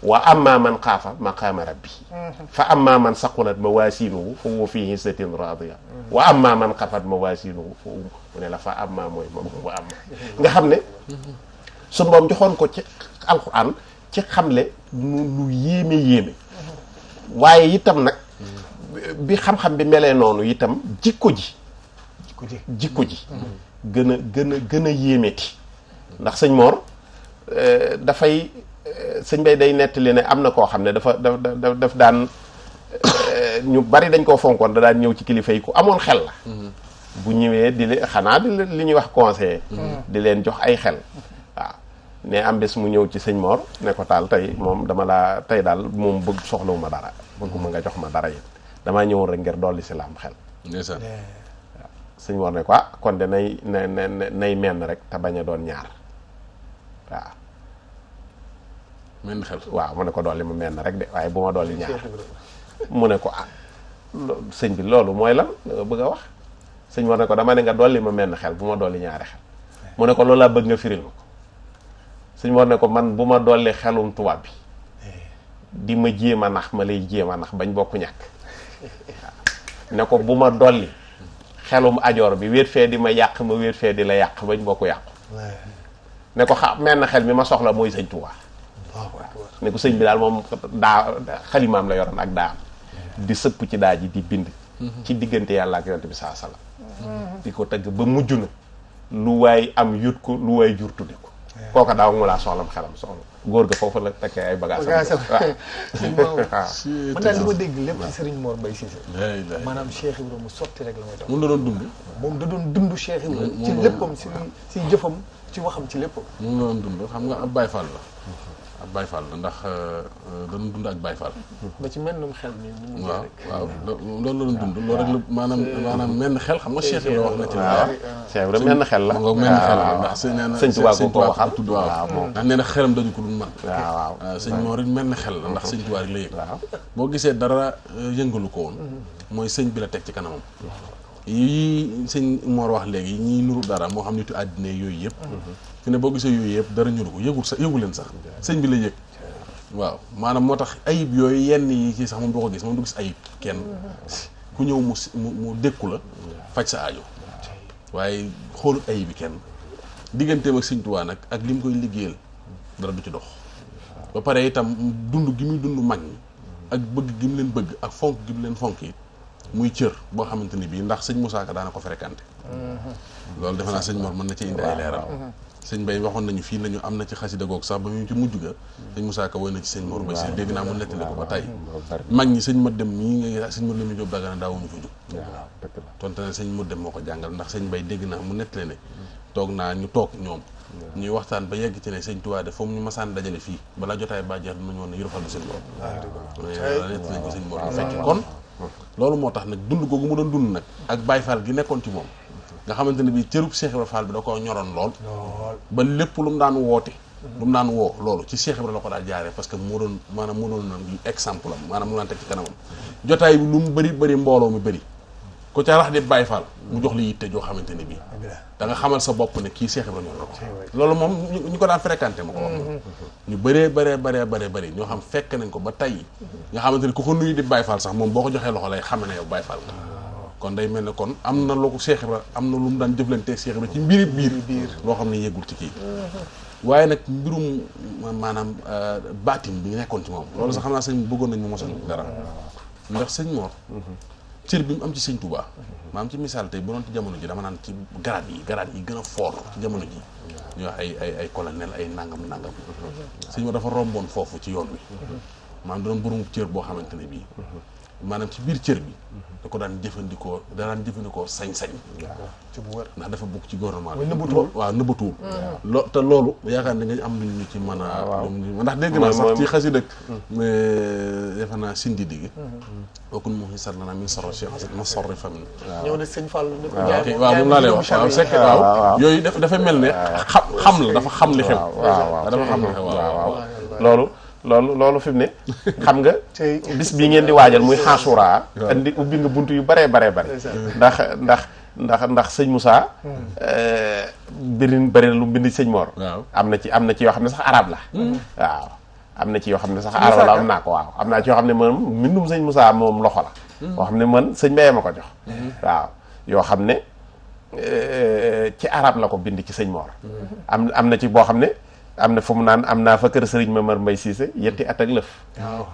وأما من خاف مقام ربه فأما من ثقلت موازينه فهو في عزة راضية وأما من خفت موازينه فهو mu ne la fa amma nga xamne sun suñu moom ko ci alquran ci xamle lu yeme yeme waye itam nak bi xam-xam bi melé nonu itam jikko ji jikko ji gën a gëna a gën a ndax sëñ Mor da fay sëñ bay day nettali ne am na koo xam ne dafa daf daf daf daan ñu bari dañ koo fonkoon da daan ñëw ci kilifa yi ku amoon xel la. Mm-hmm. bu ñëwee di leen xanaa di li ñuy wax conseiller. Mm-hmm. di leen jox ay xel. Mm-hmm. waaw ne am bés mu ñëw ci sëñ Mor ne ko taal tey moom dama laa tey daal moom bëgg soxlawu ma dara. bëgguma nga jox ma dara it damaa ñëwoon rek ngir dolli si la am xel. ndeysaan waaw sëñ Mor ne ko ah kon de nay nay nay menn rek te bañ a doon ñaar waaw. man xel waaw mu ne ko doli mu menn rek de waaye bu ma ñaar mu ne ko ah sëñ bi loolu mooy lan bëgg a wax sëñ war ne ko dama ne nga doli ma menn xel bu ma dolli ñaari xel mu ne ko loolu laa bëgg nga firil ma ko sëñ ne ko man bu ma xelum tubaab bi di ma jéem a nax ma lay jéem a nax bañ bokk ñàkk ne ko bu ma xelum ajoor bi fee di ma yàq ma fee di la yàq bañ bokk yàqu ne ko xa ah, menn xel mi ma soxla mooy sëñ tubaab ne sëñ bi daal moom daa xalimaam la yoroon ak daa di sëpp ci daa ji di bind mhm. ci diggante yàlla ak yonent bi saa sala di ko tëgg ba mujj na lu waay am yut ko lu waay jur tudde ko kooka daaw mu laa soxlam xelam soxla góor ga foofu la takkee ay bagages am waaw dégg lépp ci Serigne Mor maanaam Cheikh mu sotti rek la may tax doon dund moom da doon dund Cheikh Ibrahima ci léppam si jëfam ci waxam ci léppam moom da doon dund xam nga ab Baye Fall la mhm. ab Baye Fall la ndax euh, euh, dañu dund ak Baye Fall. ba ci mel ni xel mi. waaw waaw loolu dund. waaw loolu rek maanaam menn xel xam nga Cheikh Ibrahima wax na ci. waaw xel la. waaw menn ndax sëñ nee na. sëñ Tuubaa ko waxal tudd waaw ndax nee xelam dañu ko dul man. waaw waaw euh, rek menn xel la ndax sëñ Tuubaa rek la yëg. boo gisee dara yëngalu ko woon. Mm-hmm. mooy sëñ bi la teg ci kanamam. yi sëñ Mor wax léegi ñiy nuru dara moo xam nitu àddina yooyu yëpp fi ne boo gisee yooyu yëpp dara ñuru ko yëgul sax yëgu leen sax sëñ bi la yëg waaw maanaam moo tax ayib yooyu yenn yi ci sax moom doo ko gis moom du gis ayib kenn ku ñëw mu mu dékku la faj sa ajo waaye xoolut ayib bi kenn digganteem ak sëñ Tuubaa nag ak li mu koy liggéeyal dara du ci dox ba pare itam dund gi muy dund mag ñi ak bëgg gi mu leen bëgg ak fonk gi mu leen fonk yi muy cër boo xamante ni bii ndax sëñ Moussa Ka daana ko fréquenté mhm. loolu defe naa sëñ Mor mën na ci indi ay leeral mhm. sëñ Bay waxoon nañu fii nañu am na ci xasida googu sax ba mu ci mujj ga sëñ Moussa Ka woy na ci sëñ Mor Bay si dégg naa mu nettali ko ba tey mhm. mag ñi sëñ ma dem mii nga sëñ ma lemu Jóob Dagana daawuñu fa jóg tonte ne sëñ mu dem moo ko jàngal ndax sëñ Bay dégg naa mu nettali ne toog naa ñu toog ñoom ñuy waxtaan ba yegg ci ne sëñ Tuubaa de ñu masaan dajale fii balaa jotaay bàjjeex dinañu woon ne fa bu seen borom nett nañ ko sëñ Mor bu fekk kon loolu moo tax nag dund ko googu mu doon dund nag ak Baye Fall gi nekkoon ci moom nga xamante ne bii cërub Cheikh Fall bi da koo ñoroon lool ba lépp lu mu daan woote lu mu daan woo loolu ci Cheikh Ibra la ko daal jaaree parce que moo doon maanaam mu doon exemple maanaam mu daan teg ci kanamam jotaay bi lu mu bëri bëri mbooloo mu bëri ko ca rax di Baye Fall mu jox li yitte joo xamante ne bii da nga xamal sa bopp ne kii Cheikh Ibrahima ñor loolu moom ñu ko daan fréquenté ma ko wax mm-hmm. ñu bëree bëree bëree bëree bëri ñoo xam fekk nañ ko ba tey nga xamante ni ku ko nuyu di Baye Fall sax moom boo ko joxee loxo lay xame ne yow Baye Fall ah. kon day mel ne kon am na loo ko Cheikh Ibra am na lu mu daan jëflante Cheikh Ibra ci mbiri biir biir loo xam ne yëgul ci kii mm-hmm. waaye nag mbirum maanaam euh, baatim bi nekkoon ci moom loolu sax xam naa sëñ bëggoon nañ mu mosal dara ah. sëñ Mor mm-hmm. cër bi mu am ci sëñ Touba maam ci misaal tey bu doon ci jamono ji dama naan ci garaat yi garaat yi gën a foor ci jamono ji ñu wax ay ay ay colonel ay nangam nangam sëñ ma dafa romboon foofu ci yoon wi maam dana borom cër boo xamante ne bii maanaam ci biir cër bi da ko daan jëfandikoo da daan jëfandikoo sañ-sañ ndax dafa bokk ci gouvernement bi nëbbatuwul waaw nëbbatuwul lo te loolu yaakaar na nga am lu ñu ci mën a ah, ndax dégg naa sax ci xasi dëkk mm. defe naa sindi digi bokkul mm-hmm. mu xisat la soro si xasit ma sorri famille na sëñ Fall waaw moom laa lay wax waaw sekk waaw yooyu dafa mel ne xam xam la dafa xam li xew dafa xam li xew waaw loolu loolu loolu fim mu ne xam nga bis bii ngeen di waajal muy xaasuraa andi ubbi bunt yu baree baree bare ndax ndax ndax ndax sëñ Moussa hmm. euh, bëri bëri na lu mbind sëñ Mor am na ci am na ci yoo xam ne sax arab la hmm. am na ci yoo xam ne sax arab am naa ko waaw am naa ci yoo xam ne man mbindum sëñ Moussa moom loxo la hmm. yoo xam ne mën sëñ Mbaye ma ko jox waaw yoo xam ne euh, ci arab la ko bind ci sëñ Mor am am na ci boo xam ne am na fu mu naan am naa fa kër Serigne Mamar Mbaye Cissé yetti at ak lëf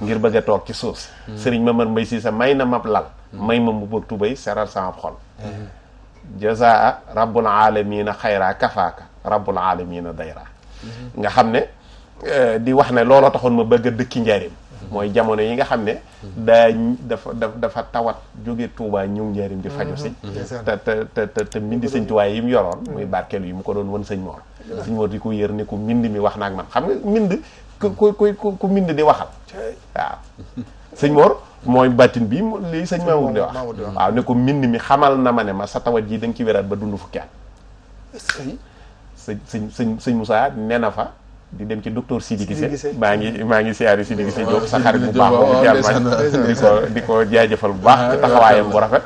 ngir bëgg a toog ci suuf si hmm. Serigne mbay Mbaye Cissé may na mab lal hmm. may ma mbubb ak tubéy seral sama xol hmm. jazaa rabbul alamina xayraa kafaaka rabbul alamina dayra nga xam ne eh, di wax ne looloo taxoon ma bëgg a dëkki njaarim mooy jamono yi nga xam ne daa dafa dafa tawat jóge Touba ñëw njaarim di faju si te te te te mbindi sëñ tuwaay yi mu yoroon muy barkeel yi mu ko doon wan sëñ moom suñu war di ko yër ni ku mbind mi wax na ak man xam nga mbind ku ku ku ku mbind di waxal waaw sëñ Mor mooy bàttin bi lii sëñ Mamour di wax waaw ne ko mbind mi xamal na ma ne ma sa tawat ji dañ nga ci wéraat ba dund fukki at sëñ sëñ sëñ sëñ Moussa fa di dem ci docteur Sidi Gissé maa ngi maa ngi siyaari Sidi Gissé Diop sa xarit bu baax boobu ci Allemagne di ko di ko bu baax ci taxawaayam bu rafet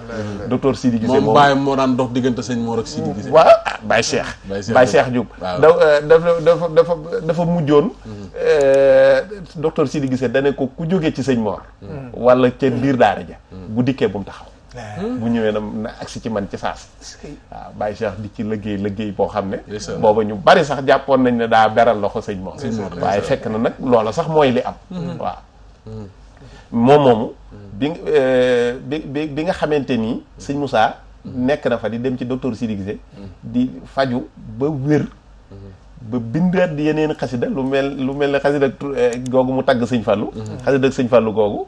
docteur Sidi Gissé moom bàyyam moo daan dox diggante sëñ Mor ak Sidi Gissé waaw ah, Baye seex Baye Cheikh Diop da euh, dafa dafa dafa dafa mujjoon mhm. euh, docteur di Gissé dane ko ku jógee ci sëñ Mor mhm. wala ca biir daara ja mhm. bu dikkee bu mu taxaw bu ñëwee na na agsi ci man ci saas waaw Baye Cheikh di ci liggéey liggéey boo xam ne booba ñu bari sax jàppoon nañ ne daa beral loxo sëñ moom waaye fekk na nag loola sax mooy li am mm-hmm. waaw mm-hmm. moom moomu mm-hmm. eh, bi bi nga xamante nii sëñ Moussa nekk na fa di dem ci docteur Sidi Guissé di faju ba wér ba bindaat di yeneen xasida lu mel lu mel ne xasida eh, googu mu tagg sëñ Fallou xasida ak sëñ Fallou googu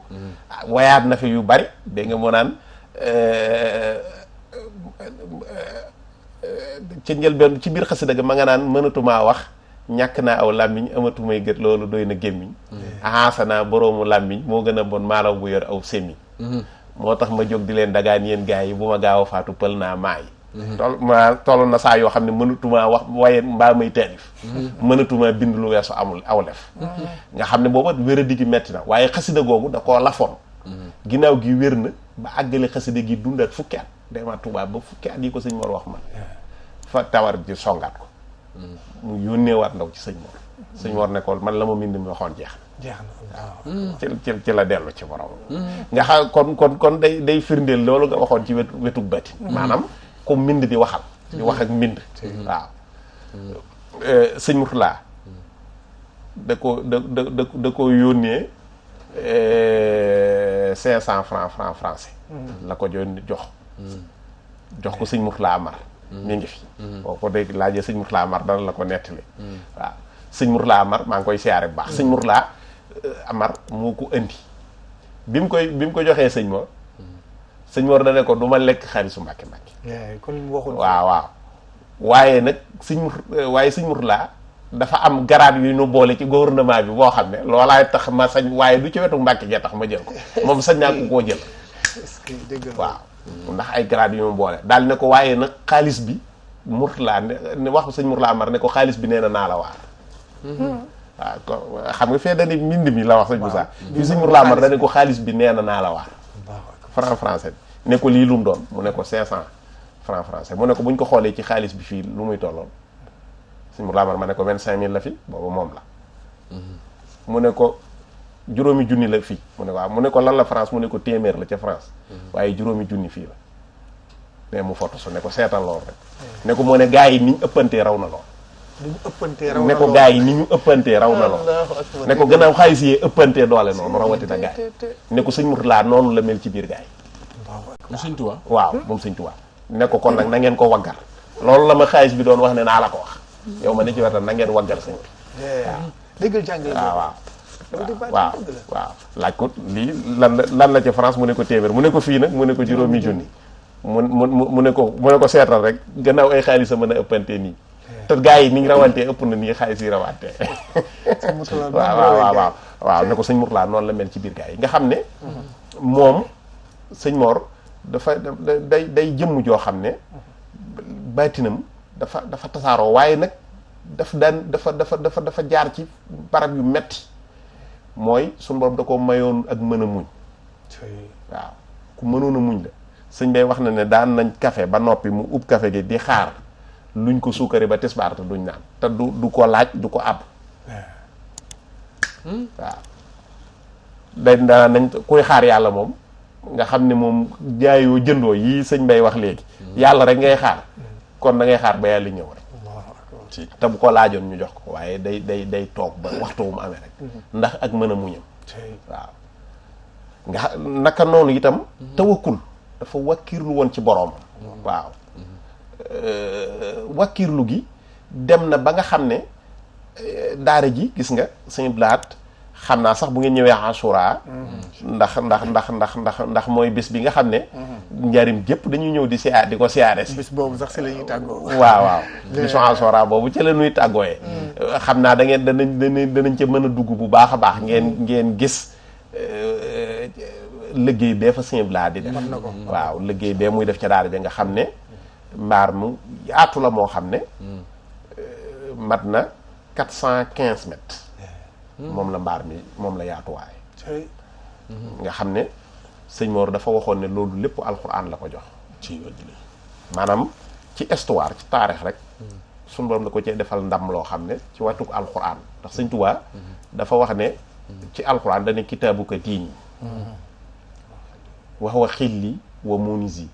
ah, wayaat na fi yu bari dégg nga moo naan ci njëlbeen ci biir xasida ga ma nga naan mënatumaa wax ñàkk naa aw làmmiñ amatumay gët loolu doy na gémmiñ ahaasana mm-hmm. boroomu làmmiñ moo gën a bon maalaw bu yor aw sémmiñ mm-hmm. moo tax ma jóg di leen dagaan yéen gars yi bu ma gaaw a faatu pël naa maay mm-hmm. tool ma na saa yoo xam ne mënatumaa wax waaye mbaa may taalif mënatumaa bind lu weesu amul aw lef nga xam ne booba wér a digi metti na waaye xasida googu da koo lafoon Mm-hmm. ginnaaw gi wér na ba àggale xasida gi dundaat fukki at demaat Tuubaa ba fukki at yi ko sëñ Mor wax man fa tawar ji songaat ko mm-hmm. mu yónneewaat ndaw ci sëñ Mor sëñ Mor ne man la ma mbind mi waxoon jeex jeex na mm-hmm. ci la dellu ci borom kon kon kon day day firndeel loolu nga waxoon ci wetu wetu batin maanaam ku mbind di waxal di wax ak mbind waaw eh, sëñ da ko da da da ko yónnee Euh, cinq cent franc franc français mm. la ko joon jox mm. jox ko sëñ Mourtala Amar mm. mi ngi fi boo ko dégg laajee sëñ Mourtala Amar dana la ko nettali waaw sëñ laa Amar maa ngi koy siyaare bu baax sëñ Mourtala euh, Amar moo ko indi bi mu koy bi mu ko joxee sëñ Mor sëñ Mor da ne ko du ma lekk xaalisu Mbàkke Mbàkke kon waaw waaw waaye nag sëñ Mour waaye sëñ Mourtala dafa am garaat yu ñu boole ci gouvernement bi boo xam ne loolaay tax ma sañ waaye du ci wetu Mbàkke ja tax ma jël ko moom sañ naa ko koo jël waaw ndax ay grade yu mu boole daal ne ko waaye nag xaalis bi Mourtala ne wax sëñ Mourtala Amar ne ko xaalis bi nee na naa la waar mm-hmm. waaw ko xam nga fee dani mbind mi la wax sëñ Moussa fii sëñ Mourtala Amar dane ko xaalis bi nee na naa la waar franc ne ko lii lu mu doon mu ne ko cinq cent franc français mu ne ko buñ ko xoolee ci xaalis bi fii lu muy tolloon suñu laabar ma ne ko vingt cinq mille la fi boobu moom la mu ne ko juróomi junni la fii mu ne waaw mu ne ko lan la France mu ne ko téeméer la ca France waaye juróomi junni fii la mais mu foto su ne ko seetal lool rek ne ko moo ne gars yi ni ëppantee raw na lool ni ñu ëppantee raw na lool ne yi ni ñu ëppantee raw na lool ne ko gannaaw xaalis yee ëppantee doole noonu rawatina gars yi ne ko sëñ laa noonu la mel ci biir gars yi sëñ Tuubaa waaw moom sëñ Tuubaa ne ko kon nag na ngeen ko waggar loolu la ma xaalis bi doon wax ne naa la ko wax yow ma ne ci wetam na ngeen waggal sëñ bi. waaw dëggal jàngale waaw waaw. waaw waaw ko lii lan la lan la ca France mu ne ko téeméer mu ne ko fii nag mu ne ko juróomi junni. mu mu mu ne ko mu ne ko seetal rek gannaaw ay xaalis a mën a ëppante nii. te gars yi ni ñu rawantee ëpp na nii xaalis yi rawante. waaw waaw waaw waaw ne ko sëñ Mourtala noonu la mel ci biir gars yi xam ne. Mm-hmm. moom sëñ Mor dafa day day jëmm joo xam ne mm-hmm. baatinam. dafa dafa tasaaroo waaye nag daf daan dafa dafa dafa dafa jaar ci barab yu metti mooy suñu borom da ko mayoon ak mën a muñ waaw ku mënoon a muñ la sëñ bay wax na ne daan nañ kafe ba noppi mu ub kafe gi di xaar luñ ko suukari ba tisbaar te duñ naan te du du ko laaj du ko àbb eh. hmm? waaw dañ daan nañ kuy xaar yàlla moom nga xam ne moom jaayoo jëndoo yii sëñ bay wax léegi hmm. yàlla rek ngay xaar hmm. kon da ngay xaar ba yàlla ñëw rek ci te bu ko laajoon ñu jox ko waaye day day day toog ba waxtu wu amee rek mm-hmm. ndax ak mën a muñam naka noonu itam mm-hmm. tawakkul dafa wakkirlu woon ci boroom mm-hmm. waaw euh, wakkirlu gi dem na ba nga xam ne euh, daara ji gis nga sëñ blaat xam naa sax bu ngeen ñëwee Ashura mm-hmm. ndax ndax ndax ndax ndax ndax mooy bis bi nga xam ne mm-hmm. njariñ jëpp dañuy ñëw di siyaar di ko siyaare si boobu sax si la ñuy tàggoo waaw waaw bisu Ashura boobu ci la ñuy tàggooyee mm-hmm. xam naa da ngeen danañ danañ danañ ca mën a dugg bu baax a baax ngeen ngeen gis euh, liggéey bee fa Sëñ Bilaa di def waaw liggéey bee muy def ca daara ja nga xam ne mbaar mu yaatu la moo xam ne euh, mat na quatre cent quinze mètres moom la mbaar mi moom la yaatuwaay nga xam ne sëñ Mor dafa waxoon ne loolu lépp alxuraan la ko jox ci maanaam ci histoire ci taarix rek suñu borom da ko cee defal ndam loo xam ne ci wàttuk alxuraan ndax sëñ Tuubaa dafa wax ne ci alxuraan dane kitaabu ka diini wax wa xilli wa munisi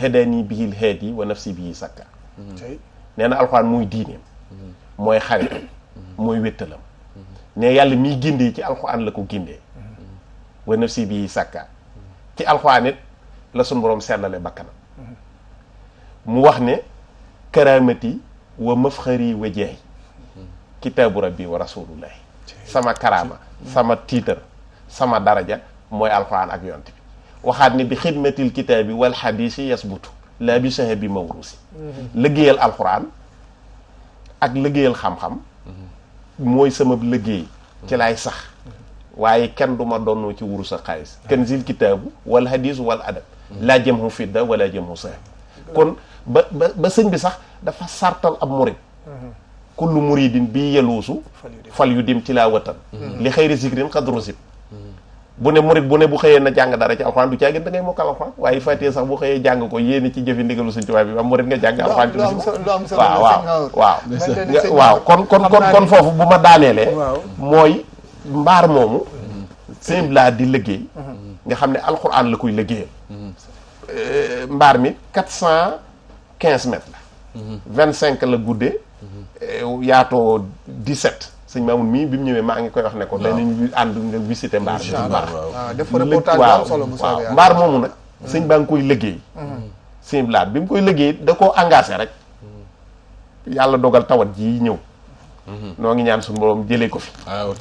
bii bihil heedi wa nafsi bihi sakka nee na alxuraan muy diineem mooy xaritam mooy wéttalam ne yàlla mi gindi ci alxuraan la ko gindee wa nafsi bi sàkka ci alxuraan nit la sun borom sellale bakana mu wax ne karamati wa mafkhari wa jahi kitaabu rabbi wa rasulullah sama karama sama tiitar sama daraja moy alxuraan ak yont bi waxaat ne bi khidmatil kitaabi wal hadith yasbutu la bi sahabi mawrusi liggéeyal alxuraan ak liggéeyal xam-xam mooy sama liggéey ci laay sax waaye kenn du ma doon ci wurus ak xaalis ah. kenn si zil kitaabu wal hadis wal adab hmm. laa jëm hu fidda wala jëm hu sahab kon ba ba ba sëñ bi sax dafa sartal ab murid hmm. kullu muridin bii yeluusu fal yu dim ci laa watan hmm. li xëyri zikrin xadru zib bu ne murit bu ne bu xëyee na jàng dara ci alxuraan du caagin da ngay mokkal alxuraan waaye fàttee sax bu xëyee jàng ko yéene ci jëfi ndigalu suñ tubaab bi ba murit nga jàng alxuraan ci waaw waaw waaw waaw kon kon kon kon bu ma daaneelee mooy moomu sëñ di liggéey nga xam ne alxuraan la koy liggéeyal eh, mbaar mi quatre cent quinze mètres la mm-hmm. vingt cinq la guddee eh, yaatoo dix sept sëñ Mamoun mii bi mu ñëwee maa ngi koy wax ne ko danañ ànd nga visité mbaar mbaar ah, def reportage bu solo bu soobee mbaar moomu nag mm. sëñ baa ngi koy liggéey mm. sëñ bi mu koy liggéey da koo engagé rek mm. yàlla dogal tawat ji ñëw noo ngi ñaan suñu borom jëlee ko fi. Ah, waaw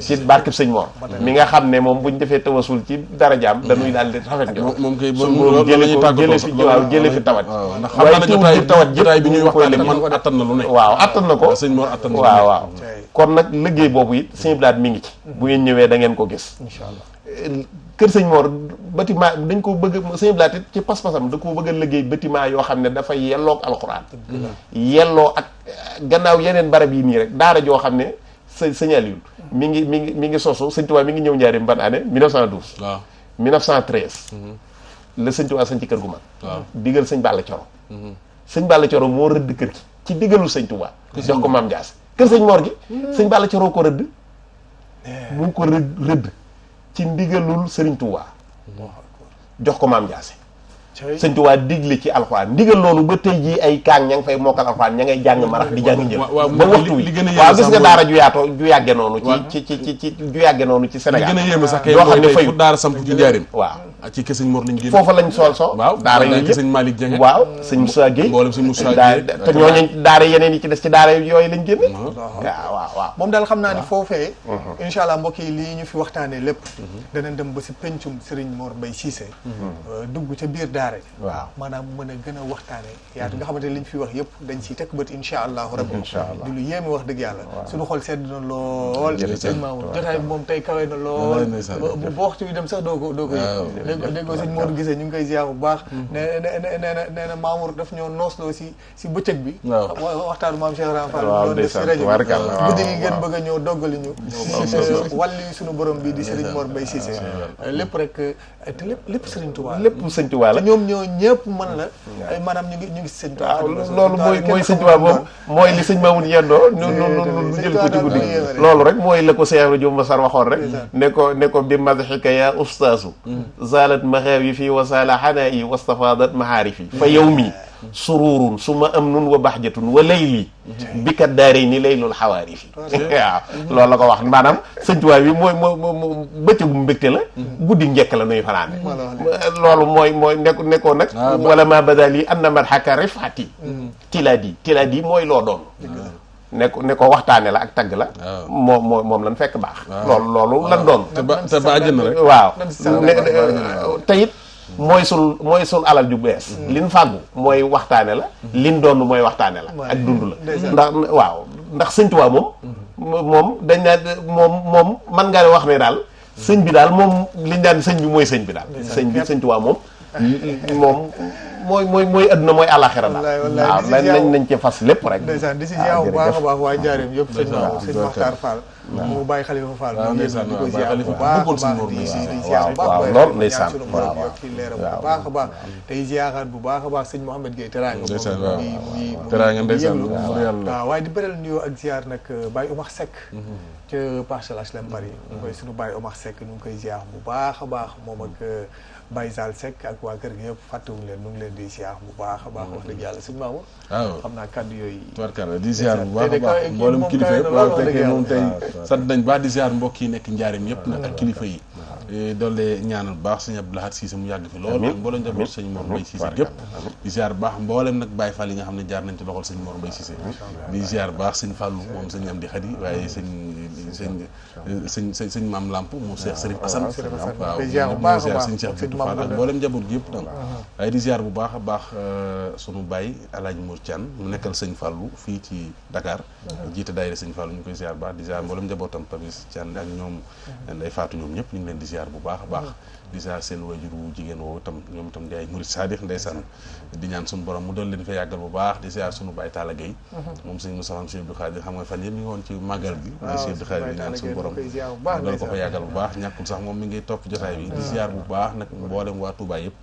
ci barke sëñ Mor mi nga xam ne moom buñ defee tawasul ci darajaam. Mm-hmm. dañuy daal di rafet ñoom. moom kay moom loolu la ñuy tàggatoo jëlee fi waaw jëlee fi tawat. waaw ndax xam nañu jotaay tawat jotaay bi ñuy waxtaan man attan na lu ne. waaw attan na ko sëñ waaw waaw. kon nag liggéey boobu it sëñ Blaat mi ngi ci. Mm-hmm. bu ngeen ñëwee da ngeen ko gis. incha allah eh, kër sëñ Mor bâtiment dañ koo bëgg sëñ Blaat it ci pas-pasam da ko bëgg a liggéey bâtiment yoo xam ne dafa yelloo ak alxuraan yelloo ak gannaaw yeneen barab yi nii rek daara joo xam ne sa sëñ Aliou mi ngi mi ngi mi ngi sosu sëñ Tuubaa mi ngi ñëw njaarim ban année 1912 waaw 1913 mhm. la sëñ Tuubaa sañ ci kër gu mag waaw digal sëñ Balla Coro mhm. sëñ Balla Coro moo rëdd kër gi ci digalu sëñ Tuubaa jox ko Maam Jaas kër sëñ Mor gi mm. sëñ Balla Coro ko rëdd mu ko rëdd ci ndigalul Serigne Touba. jox ko maam Jaase sëñ Tuubaa digle ci alxuraan ndigal loolu ba tey jii ay kaang ña ngi fay mokkal alxuraan ña ngay jàng marax di jàng njël ba waxtu wi waaw gis nga daara ju yaatoo ju ci ci ci ci ju noonu ci Sénégal li gën a yéeme sax kay yoo xam ne fayu daara samp ci njaarim waaw ci kër sëñ Mor foofa lañ sol so waaw daara yooyu yëpp sëñ Malick Dieng waaw sëñ Moussa Guèye mboolem sëñ Moussa Guèye te ñooñu daara yeneen yi ci des ci daara yooyu lañ génne waaw moom daal xam naa ne foofee uh-huh. incha allah mbokk ñu fi waxtaanee lépp uh-huh. danañ dem ba si pencum sëriñ Mor Mbaye Cissé uh-huh. uh, dugg ca biir daara waaw maanaam mën a gën a waxtaane yaatu nga xamante liñ fi wax yëpp dañ siy teg bët incha allahu rabbi di lu yéeme wax dëgg yàlla suñu xol sedd na lool jotaay moom tey kawe na déggoo déggoo sëñ Modou Gisee ñu ngi koy ziar bu baax mm-hmm. nee na nee na nee na Mamour daf ñoo noosloo si si bëccëg bi waaw waxtaanu maam Cheikh Ram Fall doon def si rajo guddi yi ngeen bëgg a ñëw doggali ñu wàllu suñu borom bi di Serigne Mor si Cissé lépp rek te lépp lépp sëriñ Tuubaa lépp sëriñ Tuubaa ñoom ñoo ñëpp mën la maanaam ñu ngi ñu ngi sëriñ Tuubaa ah, loolu mooy mooy sëriñ Tuubaa moom mooy li ko ci guddi loolu rek mooy la ko seexlu jum basar waxoon rek ne ko ne ko bi madxika yaa ustaasu mm. zalat maxaaw yi fii wa sala xanaa yi wastafaadat mahaarif yi fa yow mii sururun suma amnun wa bahjatun wa layli bi kat daarey ni laylul xawaarifi waaw loolu la ko wax maanaam sëñ Tuubaa bi mooy moo moo bëccëgu mbégte la guddi njëkk la nuy fanaane loolu mooy mooy nekk nekkoo nag ah, wala ma badal yi anna madhaka rifati hmm. tiladi tiladi mooy loo doon ne ko ne ko waxtaane la ak tagg la ah. moom moo moom lan fekk baax ah. loolu loolu lan doon te ba te ba àjjana rek waaw te it mooy sun mooy sun alal ju bees mm. lin fàggu mooy waxtaane la mm-hmm. lin doon mooy waxtaane la ak dund la ndax waaw ndax sëñ moom mm-hmm. moom dañ naan moom moom man ngaa wax ne daal sëñ bi daal moom liñ daan sëñ bi mooy sëñ bi daal sëñ bi sëñ Tuubaa moom moom mooy mooy mooy adduna mooy alaxira la waaw nañ nañ ci fas lépp rek ah, waa jaarim yëpp sëñ Maxtaar mu bàyyi xalifa Fall waaw ndeysaan waaw bàyyi xalifa bëggoon si Nour Mbaye Cissé waaw lool ndeysaan waaw baax baax tey ziyaaraat bu baax a baax sëñ Mouhamed Gueye teraanga ndeysaan waaw teraanga ndeysaan waaw waaye di beral nuyoo ak ziyaar nag euh, Baye Omar Seck mm-hmm. ca Parcelles HLM Paris mm-hmm. ñu koy suñu Baye Omar Seck ñu ngi koy ziyaar bu baax a baax moom ak mm-hmm. euh, Baye Sall Seck ak waa kër gi yëpp fàttewuñu leen mu ngi leen di ziyaar bu baax a baax wax dëgg yàlla sëñ Mamour waaw ah. xam naa kàddu yooyu tubarkalla di ziyaar bu baax a baax mboolem kilifa yëpp waaw fekkee moom tey sant nañ baax di ziar mbokk yi nekk njaarim yëpp nag ak kilifa yi Eh, doole ñaanal baax sëñ Abdou Lahad Cissé mu yàgg fi loolu ak mboolem njaboot sëñ Mor Mbaye Cissé gépp di ziar baax mboolem nag Baye Fall yi nga xam ne jaar nañ ci loxol sëñ Mor Mbaye Cissé di ziar baax sëñ Fallou moom sëñ am di xadi waaye sëñ sëñ sëñ sëñ Maam Lamp moom waaw ziar sëñ Cheikh Fatou Fall ak mboolem njaboot gi yëpp waaye di ziar bu baax a baax euh, sunu Baye Alaaji Mour Thiane mu nekkal sëñ Fallou fii ci Dakar jiite daayira sëñ Fallou ñu koy ziar baax di ziar mboolem njabootam Papis Thiane ak ñoom nday faatu ñoom ñëpp ñu ngi leen di ziar bu baax a baax dèjà seen wajur wu jigéen woowu tam ñoom itam di ay murit saadix ndeysaan di ñaan suñu borom mu doon leen fa yàggal bu baax di siyaar suñu Baye Talla Gueye mhm. moom xam nga fan yëpp ñu ngi woon ci màggal bi Cheikh Abdou Khadir di ñaan suñu borom mu doon ko fa bu baax sax moom mi ngi topp jotaay bi di siyaar mhm. bu baax nag mhm. mboolem waa Touba yëpp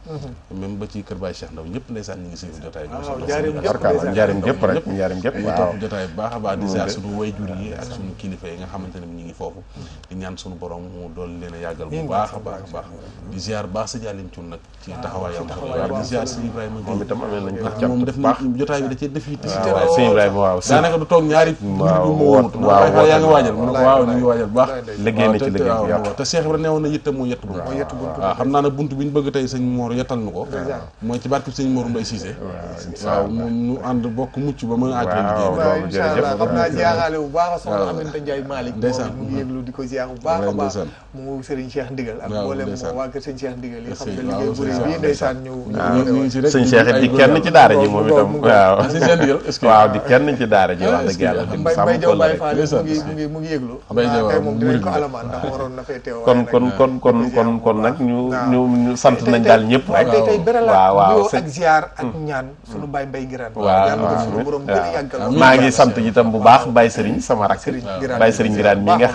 même ba ci kër Baye Cheikh Ndaw ñëpp ndeysaan ñu ngi suivi jotaay bi njaarim jëpp rek njaarim jëpp ñu topp jotaay bu baax a baax di siyaar suñu wayjur yi ak suñu kilifa yi nga xamante ne ñu ngi foofu di ñaan suñu borom mu dool leen a yàggal bu baax a baax a baax di ziar baax sa jàllin cun nag ci ah, taxawaayam di ziar sëñ Ibrahima moom itam amee nañ ko jàpp moom def na jotaay bi da cee def yitte si terrain sëñ Ibrahima waaw daanaka du toog ñaari waaw woote waaw mu ne ko waaw ñu ngi waajal baax liggéey na ci liggéey bi te Cheikh Ibrahima neewoon mu waaw xam ànd bokk mucc ba mën a àggale liggéey bi jërëjëf xam a di ko ziar bu baax a baax mu Serigne Cheikh Ndigal ak mboolem waa kër Cheikh di kenn ci daara ji itam waaw Cheikh waaw di kenn ci daara ji wax di ko la mu ngi ko ndax na kon kon kon iya, kon kon kon sama rakyat, Baye Serigne Giraan mi nga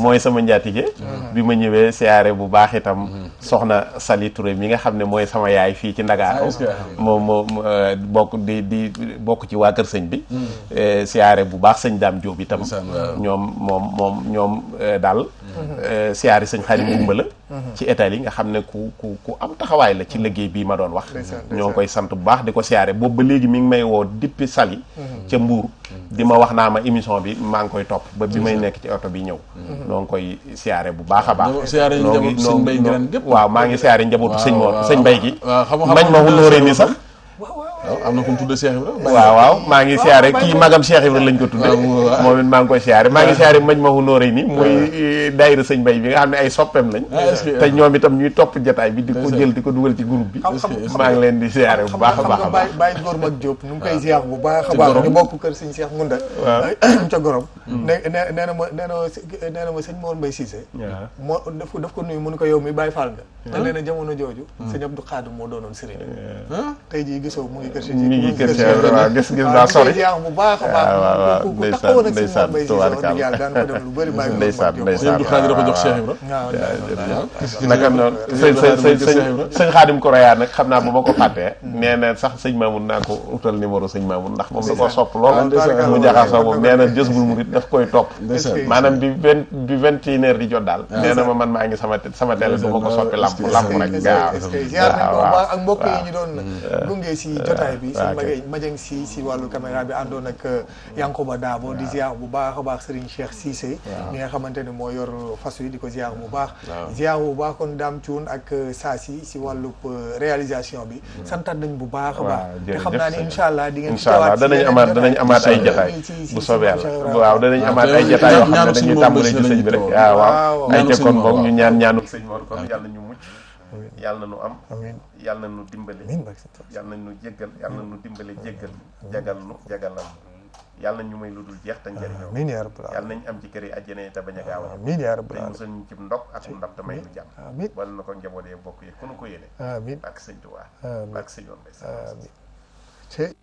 mau sama njaatige hmm. bi ma ñëwee bu baax moom soxna Sali Touré mi nga xam ne mooy sama yaay fii ci Ndakaaru ah, moom moom euh, bokk di di bokk ci waa sëñ bi hmm. euh, siyaare bu baax sëñ Daam Jóob itam ñoom moom moom ñoom euh, daal hmm. siyaare sëñ Xaadim Gumba la hmm. ci état yi nga xam ne ku ku ku am taxawaay la ci liggéey bii ma doon wax ñoo ngi koy sant bu baax di ko siyaare boobu ba léegi mi ngi may woo dippi Sali ca Mbuur di ma wax naa ma émission bi maa ngi koy topp ba bi may nekk ci oto bi ñëw mhm. noo koy siyaare bu baax a baax siyaare njabootu sëñ mbay gi waaw maa ngi siyaare njabootu sëñ moo sëñ mbay gi mañ ma wulóoree ni sax waaw na ku mu tuddee Cheikh Ibrahima. waaw waaw maa ngi siyaare kii magam Cheikh lañ ko tuddee. moom it maa ngi koy siyaare maa ngi siyaare mañ ma wu nooree nii. muy eh, daayira sëñ Bay bi nga xam ne ay soppeem lañ. Ah, te itam ñuy topp jotaay bi di jël di ko dugal ci groupe bi. maa ngi leen di siyaare bu a baax a baax. bàyyi góor mag Diop nu ngi koy ziar bu baax a bokk kër sëñ Cheikh Ngunda. waaw ca Gorom. Mm. nee nee na ma nee na ma nee na ma sëñ Mor Mbaye Cissé. waaw moo daf ko daf ko nuyu mu ko yow mi Baye Fall nga. te nee na jamono jooju. Mm. sëñ Abdou Khadim moo doonoon sëriñ tey jii gisoo mu ngi mi ngi kër Cheikh Ibra waaw gis gis daa ah, sori bu baax a baax ah, waaw waaw ndeysaan ndeysaan tubaarkalla ndeysaan ndeysaan ah, naka noonu sëñ sëñ sëñ sëñ xaadim ko royaa nag xam naa bu ma ko fàttee mm. nee na sax sëñ Mamoun naa ko utal numéro sëñ Mamoun ndax moom da koo sopp lool mu jaxasoo moom nee na jës bul murit daf koy topp maanaam bi vingt bi vingt et une heures di jot daal nee na ma man maa ngi sama sama télé ma ko soppi lamp lamp rek waaw waaw ak mbokk yi ñu doon jotaay bi sëñ Maguette Madieng si si wàllu caméra bi àndoon ak euh, Yankoba Dabo di ziar bu baax a baax Serigne Cheikh Cissé mi nga xamante ne moo yor fas yi di ko ziar bu baax ziar bu baax kon daam cuun ak euh, saasi si wàllu euh, réalisation bi santat nañ bu baax a baax te xam naa ne incha allah di ngeen incha allah danañ ay jotaay bu soobee yàlla waaw danañ amaat ay jotaay yoo xam ne dañuy tàmbalee ci sëñ bi rek waaw ay ca boog ñu ñaan ñaanu sëñ Mor kon yàlla ñu mucc yàlla na nu am yàlla nu dimbale yàlla na nu jéggal yàlla na nu dimbale jéggal jagal nu jagalal yàlla nañ ñu may lu dul jeex te njëriñoo amiin yaa rabbal yàlla nañ am ci kër yi àjjana yi te bañ a gaaw a amiin yaa rabbal dañ musal ñu ci ndog ak ndab te may lu jàmm amiin na ko njaboot yi bokk yi ku nu ko yéene amiin ak sëñ Tuubaa ak sëñ